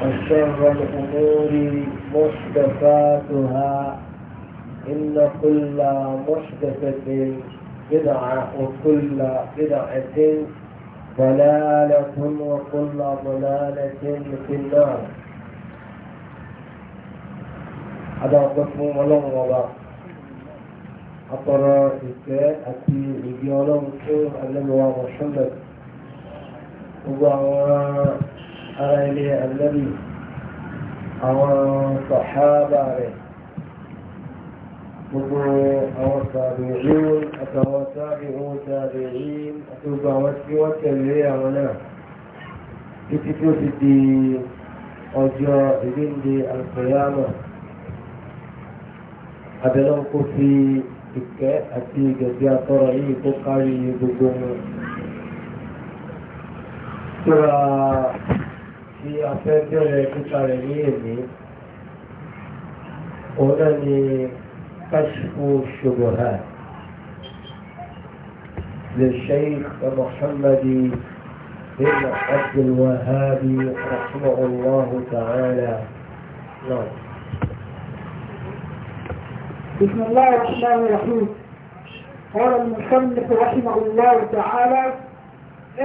وشر الأمور محدثاتها إن كل محدثة بدعة وكل بدعة ضلالة وكل ضلالة في النار هذا قسم ملون وضع أطرى إكاء أتي إجيالا وكيف أنه محمد وضعوا آلی اللہ اور صحابہ رہے بکو اور تابعیون اتو تابعو تابعیم اتو قامت کی وقت اللہ آنا کسی کو سیدی اجا ادن دی القیامہ ادلو کو سی تکے اتی گزیا ترائی بکاری بکو ترائی tí a fẹ́ bẹ̀rẹ̀ kíkà rẹ̀ ní èmi òun náà ni káṣífù ṣubuhat kasifu بن عبد الوهاب رحمه الله تعالى نعم بسم الله الرحمن الرحيم قال المصنف رحمه الله تعالى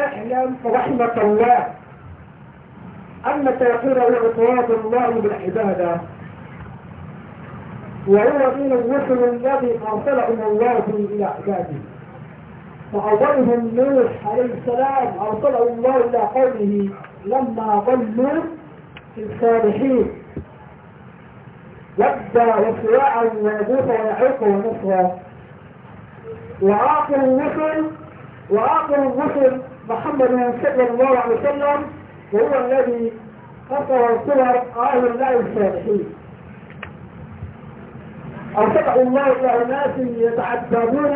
اعلم رحمة الله أن التيقين هو إفراد الله بالعبادة وهو من الرسل الذي أرسلهم الله إلى عباده فأولهم نوح عليه السلام أرسله الله إلى قومه لما ظلوا في الصالحين ودى وسواعا ويبوس ويعوق ونصرا وآخر الرسل وآخر الرسل محمد صلى الله عليه وسلم وهو الذي فقروا صور أهل الله الصالحين أرتقى الله إلى أناس يتعذبون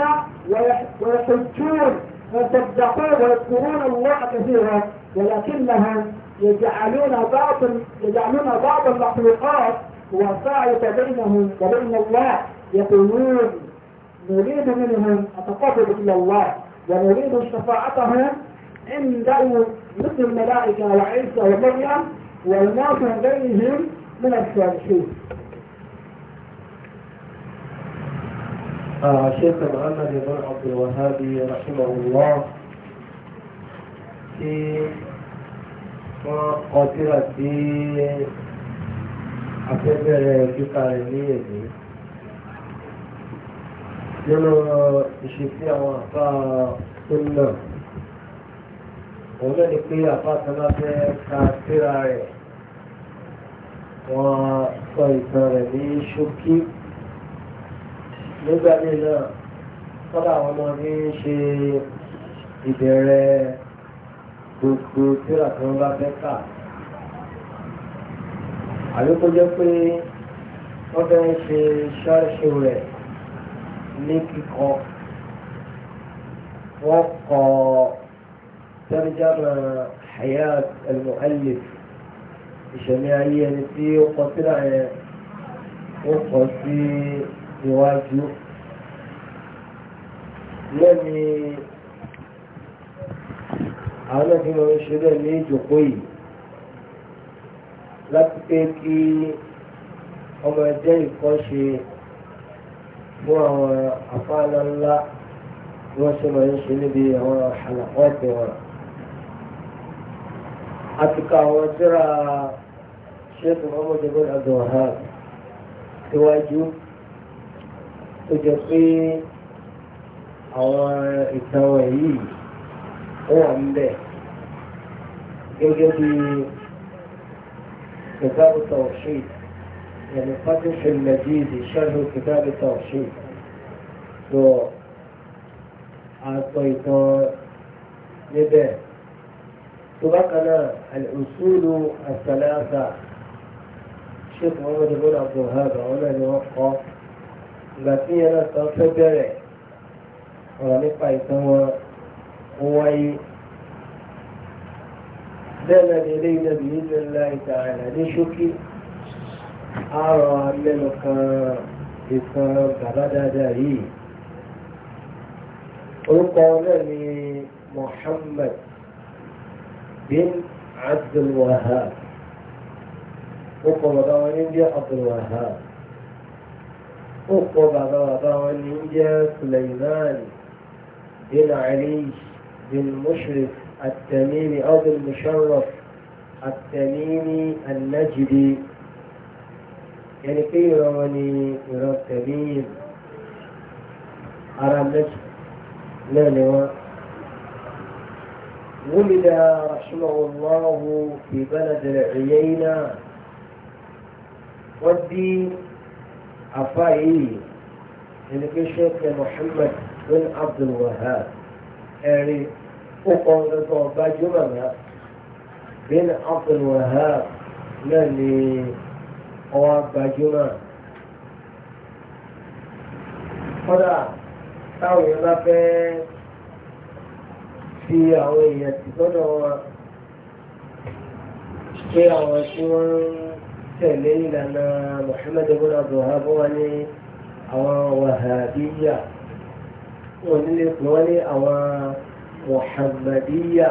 ويحجون ويصدقون ويذكرون الله كثيرا ولكنهم يجعلون بعض يجعلون بعض المخلوقات وصاعقة بينهم وبين الله يقولون نريد منهم التقرب إلى الله ونريد شفاعتهم عنده مثل الملائكة وعيسى ومريم والناس بينهم من الصالحين آه شيخ محمد بن عبد الوهاب رحمه الله في قاتلة في أكبر كتابية nínú ìṣesí الشيخ فيها tó náà òun náà ni pé àpáta máa fẹ́ ka síra rẹ̀ wọ́n sọ ìtàn rẹ̀ ní ṣókí nígbà míì náà kọ́dà àwọn ọmọ ní ṣe ìbẹ̀rẹ̀ gbogbo síra tí wọ́n bá fẹ́ kà àbí pé wọ́n fẹ́ ṣe ṣáṣù rẹ̀ ní kíkọ wọ́n kọ́ ọ. ترجم حياة المؤلف الشمالية في قتل وقصي رواجه لم أنا في منشرة لي جقوي لكي أما جاي قشي وهو أفعل الله وسمع يشهد به وحلقاته àtìkà àwọn síra ṣẹ́kù mọ́mọ́ jẹ́gbọ́n àgbọ̀nhá síwájú tó jẹ́ pé àwọn ìtàn wọ̀nyí wọ́n wà ń bẹ̀ gẹ́gẹ́ bí كتاب التوحيد يعني فتح المجيد شرح So, التوحيد تو أعطيته لبيت لنا الأصول الثلاثة الشيخ محمد بن عبد الوهاب هنا نوقع لكن أنا سأتبرع ونقع سوا هو دل إلينا بإذن الله تعالى نشكي أرى أنك إسلام كبدا داري القول محمد بن عبد الوهاب أقوى دعوة عبد الوهاب أقوى دعوة سليمان بن علي بن مشرف التميمي أو بن مشرف التميمي النجدي يعني كي يروني يرى التميم أرى النجد لا ولد رحمه الله في بلد العيينة ودي أفاي الشيخ محمد بن عبد الوهاب يعني أقول لك جملة بن عبد الوهاب للي هو بجمع هذا تاوي fi àwọn èèyàn ti lọ́dọ̀ wọn pé àwọn tí wọ́n ń tẹ̀lé ìlànà Muhammad ibn Abdulwahab wọn ní àwọn Wahabiyya wọn nílé pé wọ́n ní àwọn Muhammadiyya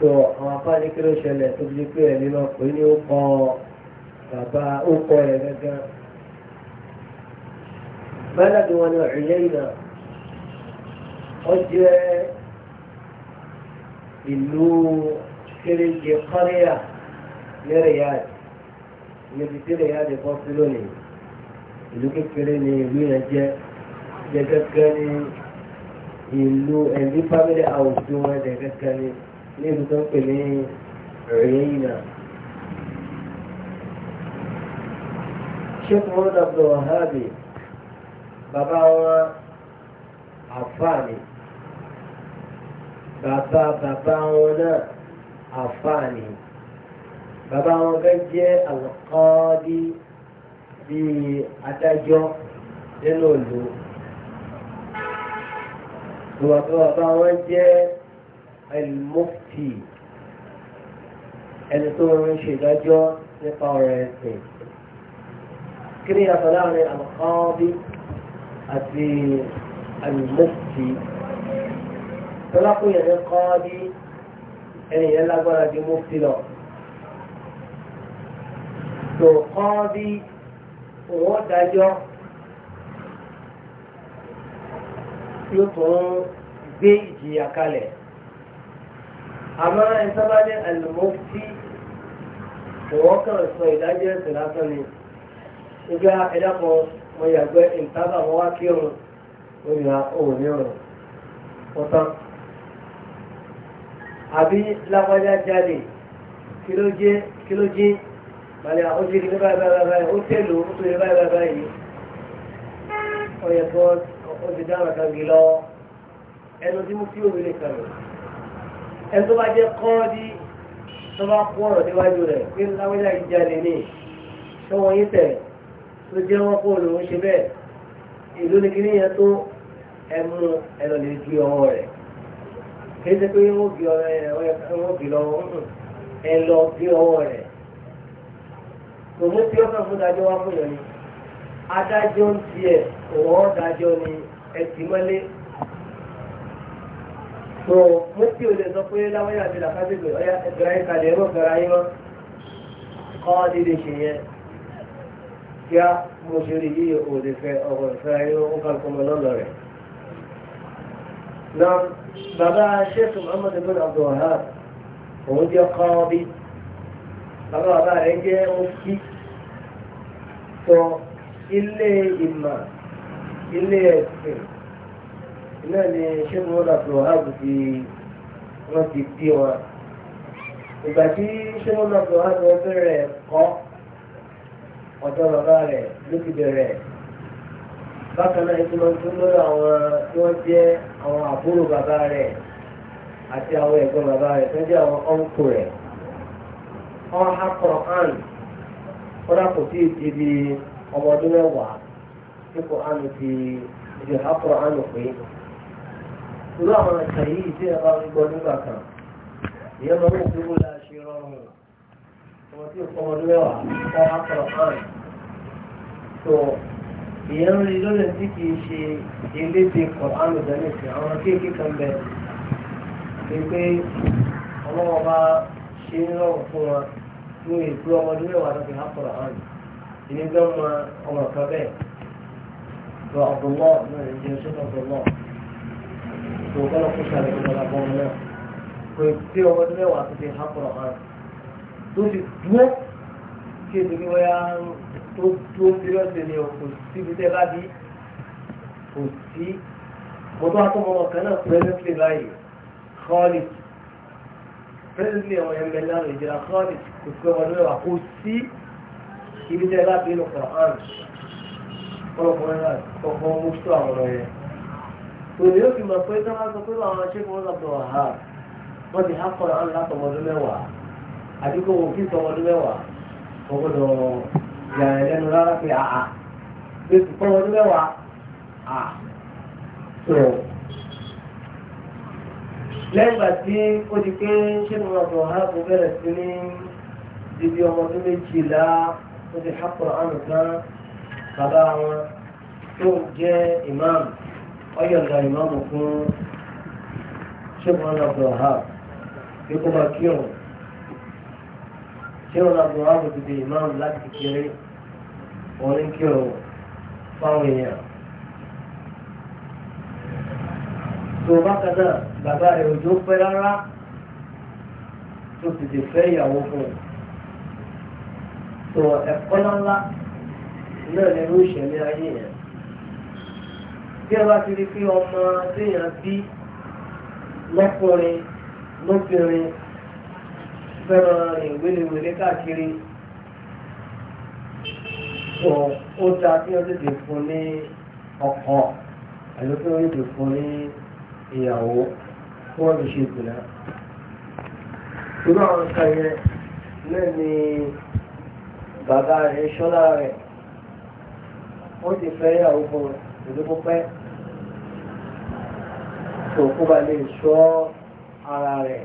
tó àwọn afáàní kí ló ṣẹlẹ̀ tó fi pé ẹ̀mí máa pè ní ó kọ bàbá ó kọ ẹ̀ gángan. Bálàbí wọn ní ọ̀rẹ́yìn náà ó jẹ́ ìlú kéréje kọ́ríà ní Riyadh níbi tí Riyadh bọ́ sí lónìí ìlú kékeré ni ìlú yẹn jẹ́ jẹ́ gẹ́gẹ́ ní ìlú ẹ̀mí family house tí wọ́n ní ìlú tó ń pè ní Riyadh. Sheikh Muhammad Abdul Wahab bàbá wọn àfáà bàbá bàbá wọn náà àfààní bàbá wọn gẹ́ jẹ́ àlùkọ́ọ́dí bíi adájọ́ nínú ìlú bàbá bàbá wọn jẹ́ ẹlmọ́tì ẹni tó ń ṣèdájọ́ nípa ọ̀rọ̀ ẹ̀sìn kí ni yàtọ̀ àlùkọ́ọ́dí àti ẹlmọ́tì tọ́lá kó yẹn ní kọ́ọ́dí ẹni yẹn lágbára ju mufti lọ. tó kọ́ọ́dí òun dájọ́ yóò tún gbé ìjìyà kalẹ̀. àmọ́ ìsábàjẹ́ àlùmọ́tì òun kàn sọ ìdájọ́ ẹ̀sìn lásán ni. ìgbà ẹ̀dá kan mo yàgbẹ́ ìtàbà wọn wá kírun. ó yà ah, òun ní ọ̀rọ̀. ọ̀tán àbí lápájá jáde kí ló jẹ́ kí ló jẹ́ balẹ̀ ó jẹ́ kíní báyìí báyìí báyìí ó tẹ̀lé ó tó yẹ báyìí báyìí báyìí ó yẹ kó ó ti dáhùn àkàngé lọ ẹnu tí mo fi òwe lè kàn mí ẹni tó bá jẹ́ kọ́ọ́dí tó bá kú ọ̀rọ̀ níwájú rẹ̀ pé lápájá yìí jáde ní ṣọ́wọ́n yín tẹ̀ tó jẹ́ wọ́n kó lòún ṣe bẹ́ẹ̀ ìlú ni kíní yẹn tó ẹmu ẹlọ́lẹ̀ ju ọwọ́ rẹ̀ kìí ṣe pé wọ́n bí ọ̀rọ̀ ẹ̀ wọ́n bí lọ́wọ́ ẹ lọ bí ọwọ́ rẹ̀ tòmú tí ó kàn fún dájọ́ wá fún yẹn ni adájọ́ ń tiẹ̀ òwò dájọ́ ni ẹtì mọ́lé tó mú tí o lè sọ pé láwọn yàtí làkàtì pé ọyá ẹgbẹ̀rẹ̀ ayé kalẹ̀ ẹ̀rọ gbẹ̀rẹ̀ ayé wọn kọ́ mo ṣe rí yíyẹ òde fẹ́ ọ̀rọ̀ ìfẹ́ ayé wọn ó kà ń kọ́ mọ́ lọ́lọ́ náà bàbá sheikh muhammad ibn abdulwahab òun jẹ́ kọ́ọ́bí bàbá bàbá rẹ̀ jẹ́ òkì sọ ilé ìmọ̀ ilé ẹ̀sìn náà ni sheikh muhammad abdulwahab ti wọ́n ti bí wọn ìgbà tí sheikh muhammad abdulwahab bẹ̀rẹ̀ kọ́ ọ̀dọ́ bàbá rẹ̀ ló ti bẹ̀rẹ̀ bákan náà ìtumọ̀ tó lórí àwọn tí wọ́n jẹ́ àwọn àbúrò bàbá rẹ̀ àti àwọn ẹ̀gbọ́n bàbá rẹ̀ tó jẹ́ àwọn ọ̀nkù rẹ̀ ọmọ ọdún mẹ́wàá ti ìdí há Quran pé irú àwọn àṣà yìí tí ẹ bá ń gbọ́ nígbà kan ìyẹn máa ń wò lè ṣe rọrùn ọmọ tí mẹ́wàá èèyàn ń rí lọ́nà tí kì í ṣe elédè kọ̀ọ̀ánù dánìsì àwọn kéèké kan bẹ̀ pé pé ọlọ́wọ́ bá ṣe ń rọrùn fún wa fún ìlú ọmọdé mẹ́wàá lọ́sẹ̀ lápọ̀lọ̀ hàn ìní gan ma ọmọ kan bẹ́ẹ̀ lọ ọ̀dùnmọ́ náà ń jẹ́ sọ́dọ̀ ọ̀dùnmọ́ tó kọ́lọ́ kó ṣàlẹ̀ ìjọba bọ́ ọmọ náà pé pé ọmọdé mẹ́wàá tó ti lápọ̀lọ̀ hàn tó ti dúró kí ètò tó tó fírọ́sì ni o kò síbi tẹ́ bá bí kò sí mo tó akọ́ ọmọ kan náà pẹ́sẹ́ntì báyìí Khalid pẹ́sẹ́ntì ọmọ yẹn bẹ́ẹ̀ lánàá ìjìnlá Khalid kò sí ọmọ lórí wa kò sí ibi tẹ́ bá bí lọ́kọ̀ hàn ọlọ́kùnrin náà ọkọ̀ mú sí àwọn ọ̀rọ̀ yẹn tòlè ó fi mọ̀ pé tí wọ́n sọ pé àwọn aṣẹ́gun wọn lọ́kọ̀ wà wọ́n ti há kọ́ ọ̀rọ̀ látọmọdún mẹ́wàá àdúgbò òfin tọmọdún mẹ́wàá ọgbọ́dọ̀ yàrá lẹ́nu rárá pé àà pé kò tọ́ ọdún mẹ́wàá àà tó lẹ́yìn ìgbà tí ó di pé ṣé mo rọ̀ bọ̀ hábù bẹ̀rẹ̀ sí ní ibi ọmọ ọdún méjìlá ó ti hápọ̀ àrùn kan bàbá wọn tó jẹ́ ìmáàmù ọ̀yọ̀ǹda ìmáàmù fún ṣé mo rọ̀ bọ̀ hábù pé kó máa kírun ṣéwọ́n abdulrahman ti di ìmáàmù láti kékeré wọn ní kí ọ̀rọ̀ fáwọn èèyàn. tó bákan náà bàbá rẹ̀ òjò pẹ́ rárá tó ti lè fẹ́ ìyàwó fún un. tó ẹ̀kọ́ ńláńlá náà lẹ́nu ìṣẹ̀lẹ̀ ayé yẹn. bí ẹ bá ti rí pé ọmọ téèyàn bí lọ́kùnrin lóbìnrin fẹ́ràn ìgbéléwèlé káàkiri ó dáa kí wọ́n tètè fún ní ọkọ àlọ́ kí wọ́n tètè fún ní ìyàwó kí wọ́n lè ṣe ìgbìnà. irú àwọn nǹkan yẹn náà ni bàbá rẹ̀ ṣọ́lá rẹ̀ ó ti fẹ́ ìyàwó fún ìlú pípẹ́ tó kó ba lè ṣọ́ ara rẹ̀.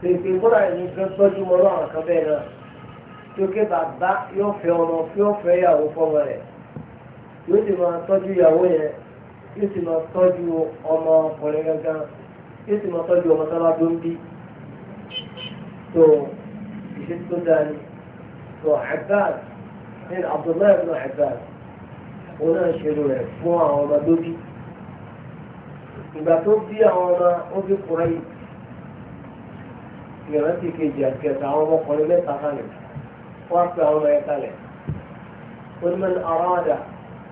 pèpè kódà ẹni kan tọ́jú mọ́ lọ́wọ́ àwọn kan bẹ́ẹ̀ náà tí ó ké bàbá yóò fẹ́ ọmọ yóò fẹ́ ìyàwó fọmọ rẹ̀ yóò sì máa tọ́jú ìyàwó yẹn yóò sì máa tọ́jú ọmọ ọkùnrin gangan yóò sì máa tọ́jú ọmọ sábà tó ń bí tó ìṣe tó dáa ni tó Abbas ní Abdullahi ibn Abbas òun náà ṣe rẹ̀ fún àwọn ọmọ tó ìgbà tó bí àwọn ọmọ ó bí kùrẹ́yìí ìrántí kejì àti kẹta àwọn ọmọkùnrin mẹ́ta kalẹ̀ wọ́n á pe àwọn ọmọ yẹn kalẹ̀ onímọ̀ aráàdà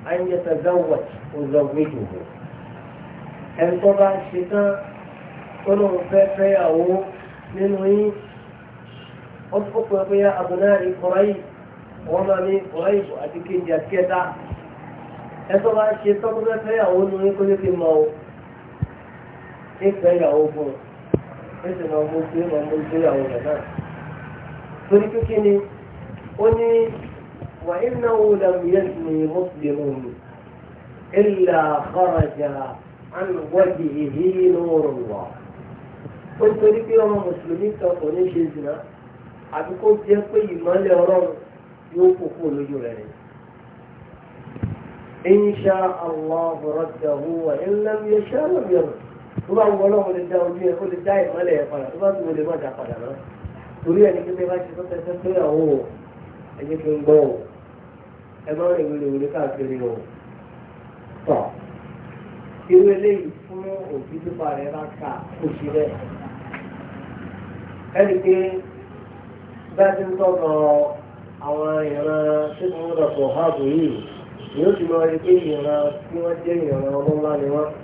ayẹyẹsẹ zawọt ọzọgbẹjọ ẹni tó bá ṣe tán olóhùn fẹ́ fẹ́yàwó nínú yín ó tó pè pé àbúrò ìkọ̀rọ̀ yìí wọ́n máa ní ọ̀rọ̀ àti kejì àti kẹta ẹni tó bá ṣe tán tó fẹ́ fẹ́yàwó nínú yín kó ní kí mọ̀ ọ́ ìfẹ́yàwó fún un ẹsẹ̀ máa mú sí máa mú sí àwọn ọ̀rẹ́ náà. torí kíkí ni ó ní wà iná wo làwọn yẹn ti ní mùsùlùmí ilà kọ́rajà ànúwọ́dì ìhí lóorùn wà. ó torí pé ọmọ mùsùlùmí kan ní ṣe zìnà àbí kó jẹ́ pé ìmọ̀lẹ̀ ọlọ́run yóò kókó lójú rẹ̀ ni. إن شاء الله رده وإن لم يشاء لم يرد tó bá wọ ọlọ́run lè dá ojú ẹ ó lè dá ìmọ́lẹ̀ ẹ padà tó bá tún wọlé má dá padà náà torí ẹni pé bẹ́ẹ̀ bá ṣe tọ́tẹ́ tẹ́ pé àwọn o ẹ jẹ́ kí n gbọ́ o ẹ má rìn wílé wílé káàkiri o tọ̀ irú eléyìí fún òbí tó bá rẹ̀ bá ka oṣù rẹ̀ ẹni pé bá ti ń tọ́kọ̀ àwọn ìran tó ti ń rọ̀pọ̀ háàbù yìí yóò ti mọ ẹni pé ìran tí wọ́n jẹ́ ìran ọlọ́lá ni wọ́n.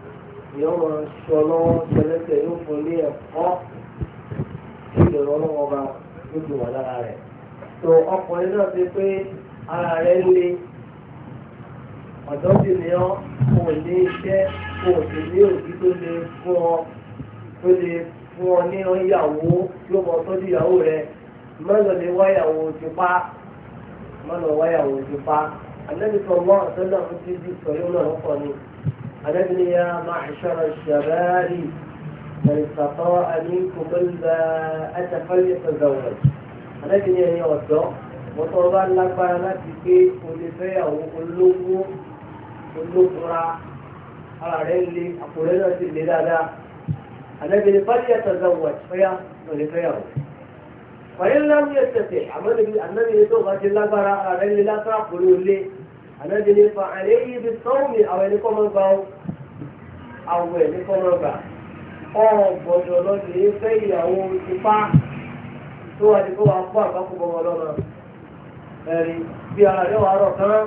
yóò máa sọ lọ́wọ́ tẹlẹsẹ̀ yóò fún ilé ẹ̀kọ́ tí ìdọ̀rọ̀ ọlọ́wọ́ bá lójú wà lára rẹ̀ tó ọkùnrin náà ti pé ara rẹ̀ le ọ̀dọ́ ni ọ́ kò ní iṣẹ́ kò sì ní òbí tó lè fún ọ tó lè fún ọ ní ìyàwó tí mọ tọ́jú ìyàwó rẹ̀ mọ́nà lè wáyàwó ti pa mọ́nà wáyàwó ti pa àlẹ́ mi sọ mọ́ àtẹ́lẹ́ fún títí sọ yóò náà ń pọ̀ ni. أنبني يا معشر الشباب من استطاع منكم الباءة فليتزوج أنبني يا وضع وطلبا لك بيانات في كل فئة وكلكم كلكم را على رجلي أقول لنا في البلاد أنبني فليتزوج فيا كل فئة لم يستطيع عمل النبي يتوقع جلاله على رجلي لا تقولوا لي ànábi ní fa àlẹ́ yìí bí sọ́ọ̀mì àwọn ẹni kọ́ gba gbà ó àwọn ẹni kọ́ ọ gbà ọ̀rọ̀ yìí fẹ́ ìyàwó ipá tó wà ní kó wàá kó àbákò lọ́nà ẹ̀rí bí ara rẹ̀ wàá rọ̀ kán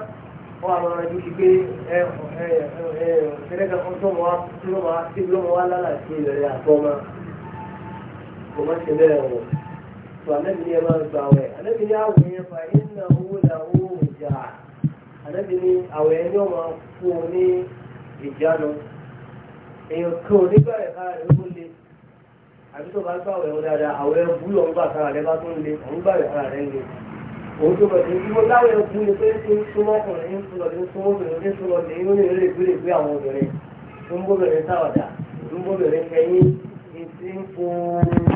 wọ́n àwọn ará ju ẹ ẹ ẹ kan tó tí ló tí ló ìrẹ̀lẹ̀ kò má ṣe bẹ́ẹ̀ wọ̀ ànábì ni àwẹ̀ ẹni ọmọ fún ọ ní ìjánu èèyàn kan ò nígbà rẹ̀ kára rẹ̀ ó le àbí tó bá gbà àwẹ̀ ọ dáadáa àwẹ̀ ẹbú lọ ń gbà kára rẹ̀ bá tó ń le òun gbà rẹ̀ kára rẹ̀ ń le òun tó bẹ̀rẹ̀ ìwọ láwẹ̀ ẹbú ni pé ṣe ń súnmọ́ ọkùnrin ń súnlọ ní súnmọ́ obìnrin ní súnlọ ní inú ní eré ìgbélé gbé àwọn obìnrin ń bóbìnrin sáwàdà ń bóbìnrin kẹyìn ìsì ń fo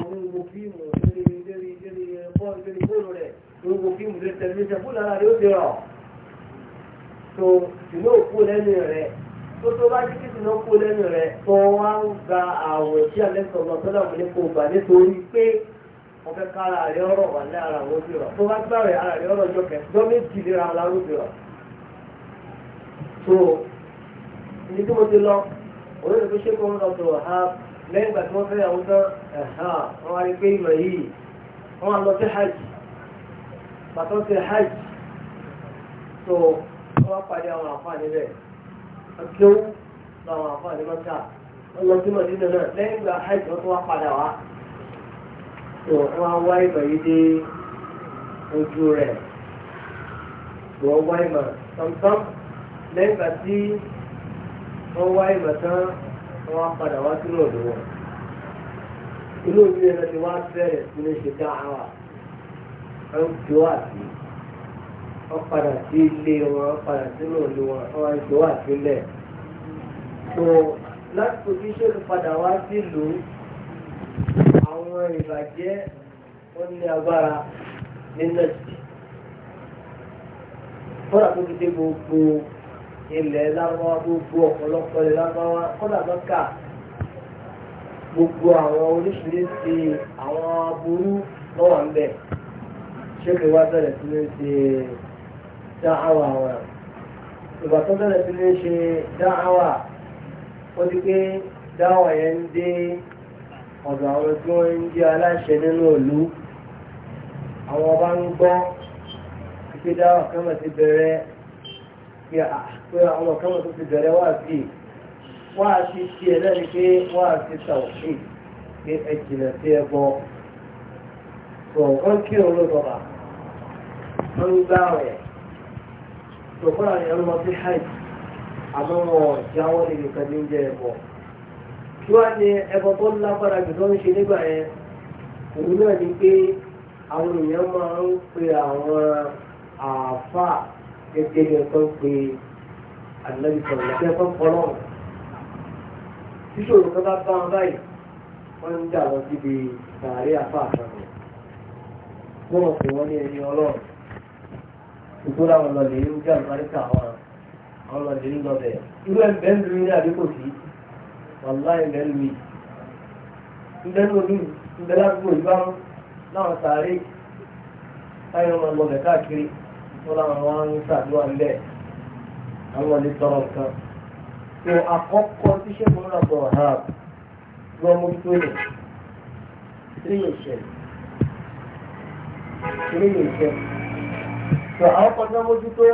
owó fíìmù lórí fíìmù ó ti tó tìǹbù òkú lẹ́nu rẹ̀ tó tó bá jíjí tìǹbù òkú lẹ́nu rẹ̀ tó wá ń gba àwọ̀ tí àlẹ́sọ̀ lọ sọ́dọ̀ mi ní kò gbà nítorí pé wọ́n fẹ́ ká ara rẹ̀ ọ̀rọ̀ wà ní ara wọn bí rọ̀ tó bá gbà rẹ̀ ara rẹ̀ ọ̀rọ̀ jọ kẹ̀kọ́ méjì lera aláró bí rọ̀ tó ní tí mo ti lọ òun ní ìfẹ́ ṣẹ́kọ̀ọ́ ń lọ sọ̀rọ̀ ha lẹ́yìn ìgbà tí wọ́n fẹ́ àwọn tán ẹ̀hà wọ́n wá rí pé ìmọ̀ yìí wọ́n wá lọ sí hajj bàtọ́ sí hajj tó wọ́n wá wá wọ́n yìí dé ojú rẹ̀ wọ́n wá ìmọ̀ tọ̀mtọ̀m lẹ́yìn ìgbà tí wọ́n wá ìmọ̀ tán wọ́n padà wá sínú ọ̀dọ̀ wọn inú ìlú yẹn ti wá bẹ̀rẹ̀ sí ní ṣe dáhàwà wọ́n ti wá sí i wọ́n padà sí ilé wọn wọ́n padà sínú ìlú wọn wọ́n ìlú wà sílẹ̀. tó láti ojú ṣèlú padà wá sílùú àwọn ìbàjẹ́ ó ní agbára nínú ẹ̀sìn. kọ́dà tó fi dé gbogbo ilẹ̀ lábáwá gbogbo ọ̀pọ̀lọpọ̀ ilẹ̀ lábáwá kọ́dà tó kà gbogbo àwọn oríṣiríṣi àwọn aburú lọ́wọ́ ń bẹ̀ ṣé kí wá bẹ̀rẹ̀ sí ní ṣe dáhàwà wọn ìgbà tó bẹ̀rẹ̀ sí ní ṣe dáhàwà ó ti pé dáhàwà yẹn ń dé ọ̀dọ̀ àwọn tí wọ́n ń jẹ́ aláṣẹ nínú ìlú àwọn ọba ń gbọ́ pé dáhàwà kan mọ̀ ti bẹ̀rẹ̀ pé àwọn kan mọ̀ tó ti bẹ̀rẹ̀ wá sí tọ̀kọ́lá ni ẹ̀rọ máa fi hajj àmọ́ wọn jáwọ́ níbi kan ní oúnjẹ ẹ̀bọ. kí wá ní ẹbọ tó lágbára jù tó ń ṣe nígbà yẹn òun náà ni pé àwọn èèyàn máa ń pe àwọn àáfà gẹ́gẹ́ bí ẹ̀kọ́ pé àdínábì sọ̀rọ̀ lọ́sẹ̀ ẹ̀kọ́ kọ́lọ́ tíṣòro kan bá bá wọn báyìí wọ́n ń dà lọ síbi sàárè àfà àtàwọn wọ́n mọ̀ pé ní ẹni ọlọ́run ìtura wọn lọ lè irú kí àlùbáríkà wọn wọn lọ lè lọ bẹ irú ẹ bẹ́ẹ̀ lu ilé àdínkù sí wàláì bẹ́ẹ̀ lu yìí ńbẹ́ lu mi ńbẹ́ ládùúgbò yìí bá ń láwọn sàárè táyọ̀ wọn lọ bẹ̀ káàkiri wọn làwọn wọn ń ṣàdúrà ńbẹ àwọn ọ̀lẹ́ sọ̀rọ̀ nǹkan tó àkọ́kọ́ tí ṣé mo rà bọ̀ ha lọ mú tó lè tí yóò ṣẹlẹ̀ tí tó àwọn kọjá mójútó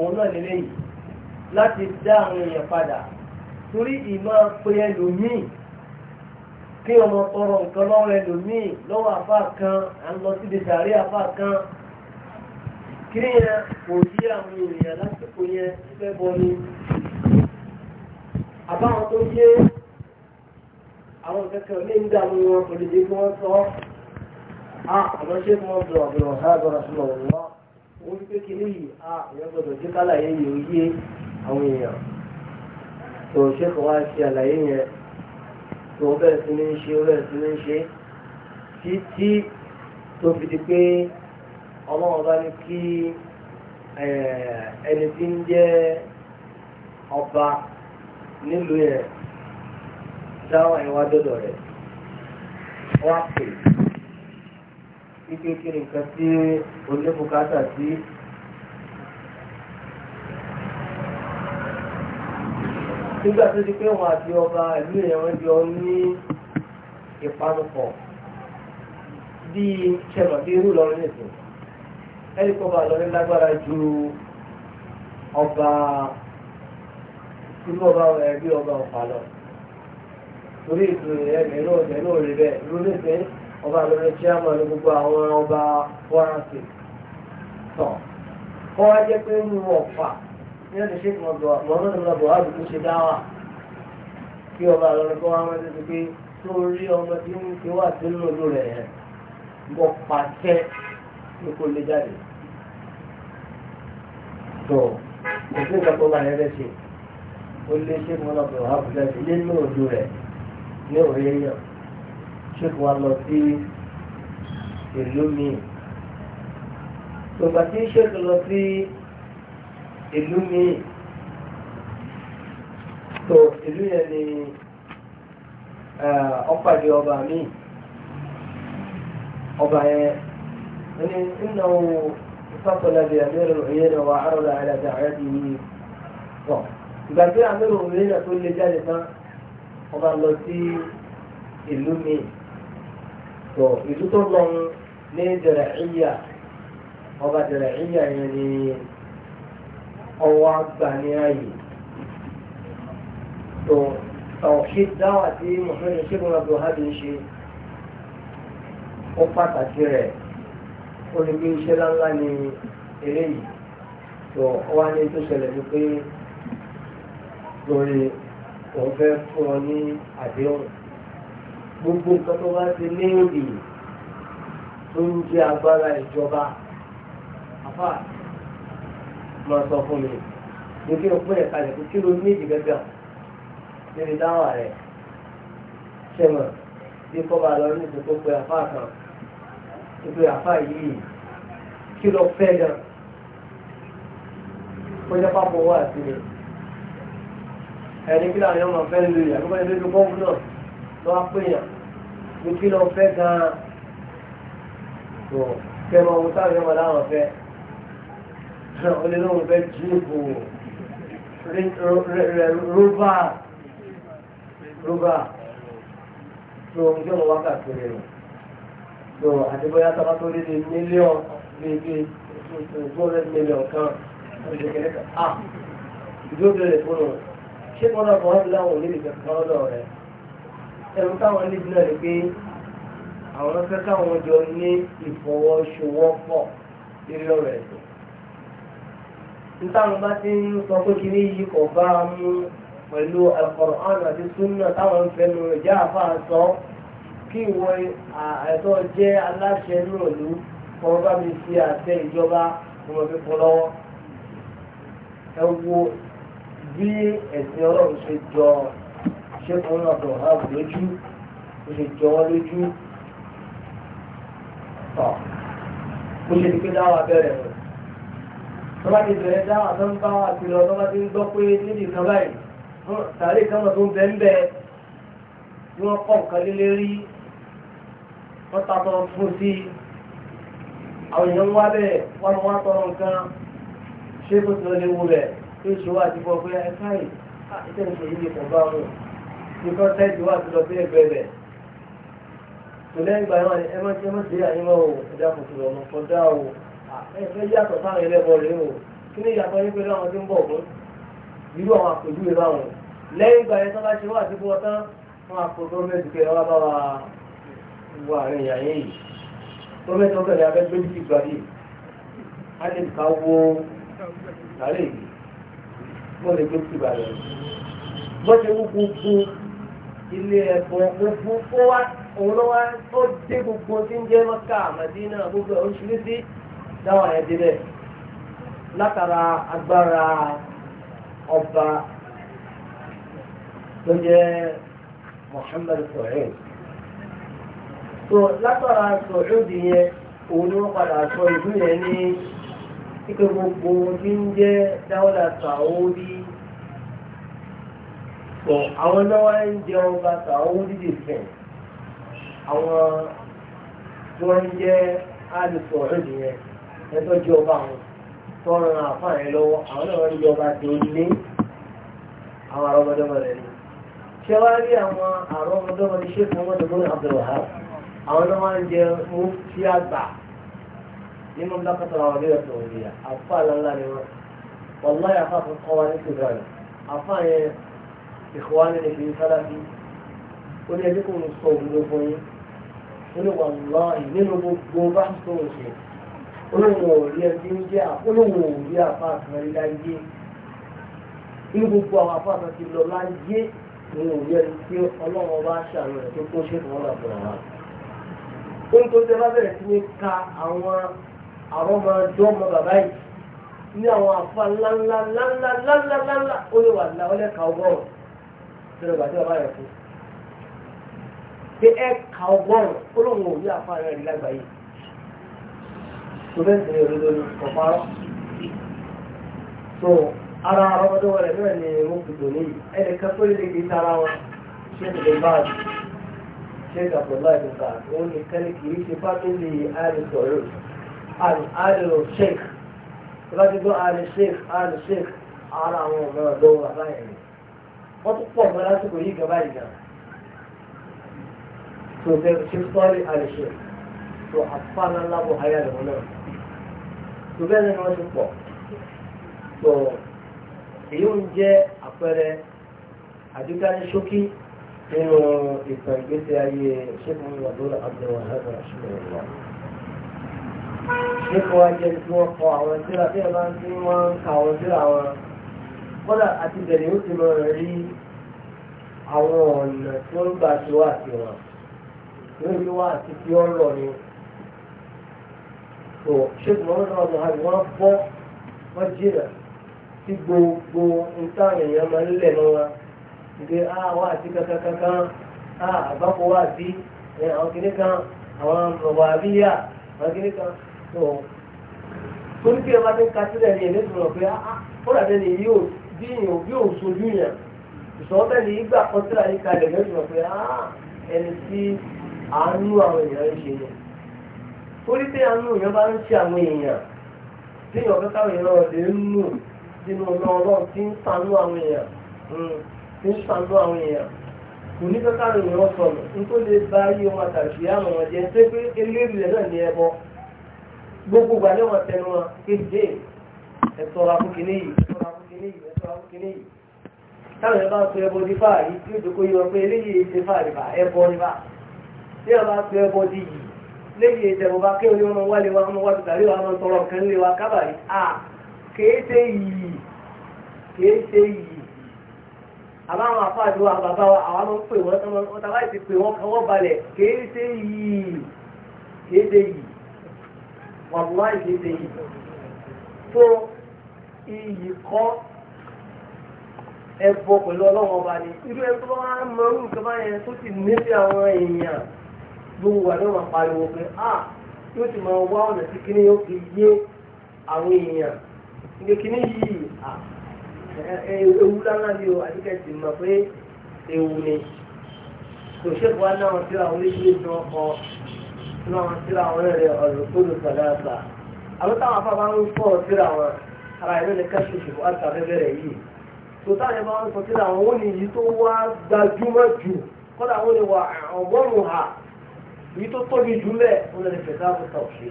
òun náà lélẹ́ yìí láti dá àwọn èèyàn padà torí ìmọ̀ pé ẹlòmíì kí ọmọ tọrọ nǹkan lọ́wọ́ ẹlòmíì lọ́wọ́ àfa kan à ń lọ síbi sàárè àfa kan kí yẹn kò yí àwọn èèyàn lásìkò yẹn fẹ́ bọ ni àbáwọn tó yé àwọn kẹ̀kẹ́ ní ń dà wọn kò lè dé kí wọ́n sọ ọ́ ah, àmọ́ ṣé kí wọ́n bọ̀ ọ̀bẹ̀rọ̀ ọ̀há ẹ̀bọ̀rọ̀ sí ọ̀rọ̀ wọn wọ́n wípé kíní yìí a èèyàn gbọ́dọ̀ jẹ́ kálàyé yìí ó yé àwọn èèyàn tó ṣe kọ́ wá ṣe àlàyé yẹn tó bẹ̀rẹ̀ sí ní ṣe bẹ̀rẹ̀ sí ní ṣe títí tó fi di pé ọlọ́run bá ní kí ẹni tí ń jẹ́ ọba nílùú yẹn dáwọn ẹ̀wá dọ́dọ̀ rẹ̀ wọ́n pè é ike kiri nǹkan tí oníbùkátà sí. nígbà tó di pé wọn àti ọba ìlú ìyẹn jọ ní ìpanupọ̀ bíi ṣẹlọ̀ bíi irú lọ́rọ̀ nìkan ẹni kọ́ bá lọ́rọ̀ lágbára ju ọba irú ọba ẹbí ọba ọ̀pá lọ torí ìtòlẹ́yìn ẹ̀mí náà ẹ̀mí náà rí bẹ́ẹ̀ lónìí ọba lórí chairman ní gbogbo àwọn ọba wárántì tọ̀ kọ́ wá jẹ́ pé mú ọ̀fà ní ọ̀dọ̀ ṣe kí mọ̀mọ́dún ní ọ̀bọ̀ àdúgbò ṣe dáwà kí ọba lórí kọ́ wá rántí ti pé tó rí ọmọ tí ń fi wà sí lòlú rẹ̀ yẹn bọ́ pàṣẹ ní kò lè jáde tọ̀ kò sí nǹkan tó bá yẹn fẹ́ ṣe ó lé ṣe kí mọ̀mọ́dún ní ọ̀bọ̀ àdúgbò ṣe nínú òdu rẹ̀ ní òye yẹn ṣèkù wa lọ sí ìlú míì tògbà tí ṣèkù lọ sí ìlú míì tó ìlú yẹn ni ọ̀pàdé eh, ọba míì ọba yẹn ní nínú ìfàkọlẹ̀ bíi àmì ìròyìn náà wà á rọra àyàdì yìí tọ̀ ìgbà tí àmì ìròyìn náà tó lè jáde tán ọba lọ sí ìlú míì tó ìlú tó lọ ní Diriyah ọba Diriyah yẹn ni ọwọ́ àgbà ní ààyè tó tawhid dáwà tí Muhammad Sheikh Abdulwahab ń ṣe ó pàtàkì rẹ̀ ó ní bí iṣẹ́ láńlá ni eléyìí tó wá ní tó ṣẹlẹ̀ ní pé lórí òun fẹ́ fún ọ ní àdéhùn gbogbo nǹkan tó bá ti léèrè tó ń jẹ agbára ìjọba àfà máa sọ fún mi ní kí n pín ẹ̀ka rẹ̀ kí ló ní ìdí gẹ́gẹ́ níbi dáwà rẹ̀ ṣe mọ̀ bí kọ́ bá lọ ní ìdí tó pe àfà kan tó pe yìí kí ló fẹ́ gan kó pápọ̀ wá sí mi ẹni kí láàrin ọmọ fẹ́ lóye àgbẹ̀bẹ̀ lójú kọ́ńtù náà tó wá pé yàn ní kí lọ fẹ́ gan-an tó kẹmọ ohun táwọn yọmọ láwọn fẹ́ ó lè lóun fẹ́ jíìpù rọ́bà rọ́bà tó ń jọ̀wọ́ wákàtí rẹ̀ tó àti bóyá tó bá tó lé ní mílíọ̀n bíi bíi two hundred million kan ó lè kẹ́lẹ́ kan ah ìdúró bẹ̀rẹ̀ fún un ṣé kọ́nà kan wọ́n ti láwọn ò ní ìjọba kan lọ́dọ̀ rẹ̀ ẹ̀rù táwọn níbi náà rẹ̀ pé àwọn fẹ́ káwọn jọ ní ìfọwọ́sowọ́pọ̀ lórí ọ̀rọ̀ ẹ̀sìn. nítawọn bá ti ń sọ pé kiri yìí kò bá a mú pẹ̀lú Al-Qur'an àti súnà táwọn fẹnu ìjà àfa sọ kí ìwọ àìsàn jẹ́ aláṣẹ nírọ̀lú kọ́ bá mi fi àtẹ ìjọba ọmọ fi kọ́ lọ́wọ́. ẹ wo bí ẹ̀sìn ọlọ́run ṣe jọ ọ́ ṣé òun ọ̀dọ̀ ààbò lójú ó lè jọ wọ́n lójú tọ̀ ó ṣe ní pé dáwà bẹ̀rẹ̀ rẹ̀ tó bá ti bẹ̀rẹ̀ dáwà tó ń bá wà sí lọ tó bá ti ń gbọ́ pé níbi kan báyìí tàbí kan mọ̀ tó ń bẹ́ ń bẹ́ tí wọ́n kọ́ nǹkan lé lérí wọ́n ta tọ́ fún sí àwọn èèyàn wá bẹ́ẹ̀ wọ́n mọ̀ wá tọrọ nǹkan ṣé kò tó léwu bẹ́ẹ̀ tó ṣòwò àti bọ́ pé ẹ̀ka yìí ìtẹ̀sọ̀ yìí kò bá wọn ní kọ́ sẹ́ẹ̀tì wà tó lọ sí ẹgbẹ́ rẹ̀ tó lẹ́yìn ìgbà yẹn ẹ má ti ẹ má ti àyè mọ́ o ẹ̀dá kòtò lọ mọ́ kọjá o ẹ fẹ́ yàtọ̀ sáwọn ẹlẹ́bọ rẹ o kí ni ìyàtọ̀ yín pẹ̀lú àwọn tó ń bọ̀ fún irú àwọn àpèjúwe báwọn lẹ́yìn ìgbà yẹn tó bá ṣe wà sí fún ọtán wọn àpò gọ́ọ̀mẹ̀ntì wá bá wa wọ àárín ìyá yìí gọ́ọ̀mẹ̀ntì ọkọ̀ ni bó ṣe wú gbogbo ilé ẹ̀bùn òfin kó wá òun ló wá ó dé gbogbo tí ń jẹ́ mọ́ká àmàdínà gbogbo oríṣiríṣi dáwọ̀ ẹ̀ débẹ̀ látara agbára ọba tó jẹ́ Muhammad Saud tó látara Saud yẹn òun ni wọ́n padà sọ ìlú yẹn ní kíkẹ́ gbogbo tí ń jẹ́ dáwọ́dà Saudi pọ̀ àwọn lọ́wọ́ ń jẹ ọba tàwọn onídìí ìfẹ́ àwọn tí wọ́n ń jẹ́ àlùfọ̀ ọ̀rẹ́dì yẹn ẹgbẹ́ jẹ ọba àwọn tó ń ran àfáà yẹn lọ́wọ́ àwọn náà ń jẹ ọba tó lé àwọn àrọ́mọdọ́mọ rẹ̀ ni. ṣé wàá rí àwọn àrọ́mọdọ́mọ ní ṣé fún ọmọdé lórí Abdulwahab àwọn náà wọ́n ń jẹ mufti àgbà nínú lákàtàrà àwọn ilé ọ̀sán ìkọ̀wánu ní fi sálábí ó ní ẹbí kò ń sọ òun ló fún yín ó ní wà láàyè nínú gbogbo bá ń sọ òṣè olóhùn ò rí ẹbí ń jẹ́ olóhùn ò rí àfa àtúnrẹ́ láyé ní gbogbo àwọn àfa àtúnrẹ́ ti lọ láyé ní òun ẹni tí bá ṣàánú rẹ̀ tó kún ṣètò wọn làbọ̀ wá. ohun tó ṣe bá sí ní ka àwọn àwọn ọmọ ẹjọ́ ọmọ bàbá yìí ní àwọn àfa ńláńláńláńláńláńlá ó lè wà láwọn ẹ̀ka ọgọ́rùn-ún lọ́dọ̀ bàtí bàbá rẹ̀ fún pé ẹ kà ọgọ́rùn olóhùn òní àfáàrẹ rẹ̀ lágbàáyé tó bẹ́ẹ̀ sì ni òdodo ni ọ̀parọ́ tó ara ọmọdéwọ̀ rẹ̀ náà ni wọ́n fi tò ní ẹnì kan tó lè kí sára wọn ṣé ìdè báàgì ṣé ìdàpọ̀lá ìdìbà òun nìkan ni kì í ṣe fámìlì àìsọ̀rọ̀ àìsọ̀rọ̀ ṣèk tó ti gbọ́ àìsèk àìsèk ara àwọn ọmọ ọ̀dọ́ wà wọ́n tún pọ̀ mọ́ lásìkò yìí gaba ìgbà tó fẹ́ ṣe sọ́ọ́lì àrẹ̀ṣẹ̀ tó àfáàná lábọ̀ ayé àlọ́ náà tó bẹ́ẹ̀ ni wọ́n ti pọ̀ tó èyí ń jẹ́ àpẹẹrẹ àdúgbò ní ṣókí nínú ìtàn ìgbésí ayé ṣẹ́gun ìwàdúrà abdulwa ẹ̀rọ ṣùgbọ́n ìwà. ṣé kí wọ́n jẹ́ kí wọ́n kọ àwọn tíra tí ẹ bá ń tí wọ́n ń ka àwọn tíra wọn. kọ́dà àti bẹ̀rẹ̀ ó ti máa rí àwọn ọ̀nà tí ó ń gbà tó àti wọn yóò rí wá àti tí ó ń lọ ni. tó ṣéèkì mọ́mọ́ náà mọ́ àbí wọ́n bọ́ wọ́n jìnà tí gbogbo nta èèyàn máa ń lẹ̀ mọ́ ìgbé ah, ah, àwọn àti kankankan àbákò wà sí àwọn kìnnì kan àwọn ọ̀bọ̀ àwọn kan tó. kí ẹ ti ń ka sílẹ̀ ní pé ah, ó bí èèyàn bí òun sojú yẹn ìsọ̀ọ́bẹ̀lì ìgbà kan síra yìí kalẹ̀ lẹ́sùn ọ̀pẹ ẹni tí àánú àwọn èèyàn ń ṣe yẹn torí pé àánú bá ń ṣe àwọn èèyàn tí èèyàn èèyàn lè ń nù sínú ọlọ́run tí ń sanú àwọn èèyàn hmm, tí ń sanú àwọn èèyàn kò ní èèyàn tó lè bá yí ọmọ àtàkì àwọn ọmọ jẹ pé eléyìí táwọn ẹ̀bá pẹ ẹbọ di fáàrí tí òjòkó yíwọ pé eléyìí ṣe fáàrí bá ẹbọ ní bá tí ọba pẹ ẹbọ di yìí léyìí ìtẹ̀bọ̀ bá kí oní ọmọ wálé wa ọmọ wájú tàbí ọmọ tọrọ nǹkan lé wa kábàárí à kèé ṣe yìí kèé ṣe yìí àbáwọn afáàdó wa bàbá wa àwọn ọmọ ń pè wọn tọmọ wọn tàbá ti pè wọn kọwọ balẹ̀ kèé ṣe yìí kèé ṣe ẹbọ pẹ̀lú ọlọ́wọ́ ọba ni irú ẹni tó bá wá mọ irú nǹkan bá yẹn tó sì nífẹ̀ẹ́ àwọn èèyàn ló wà ní wọn pariwo pé a yóò ti máa wá ọ̀nà tí kíní yóò fi yé àwọn èèyàn ewu lánàá bí o ti mọ̀ ewu ni kò wa àwọn oníṣẹ́ ìṣẹ́ àwọn ọ̀rọ̀ tó lè àwọn táwọn ara ìlú ni káṣíṣe tó táyẹ̀ bá ń sọ sí àwọn òní yìí tó wá gbajúmọ̀ jù kọ́dà àwọn òní wà ọgọ́rùn-ún ha yìí tó tóbi jù lẹ̀ wọn lè fẹ̀ dáàbò tàwùṣe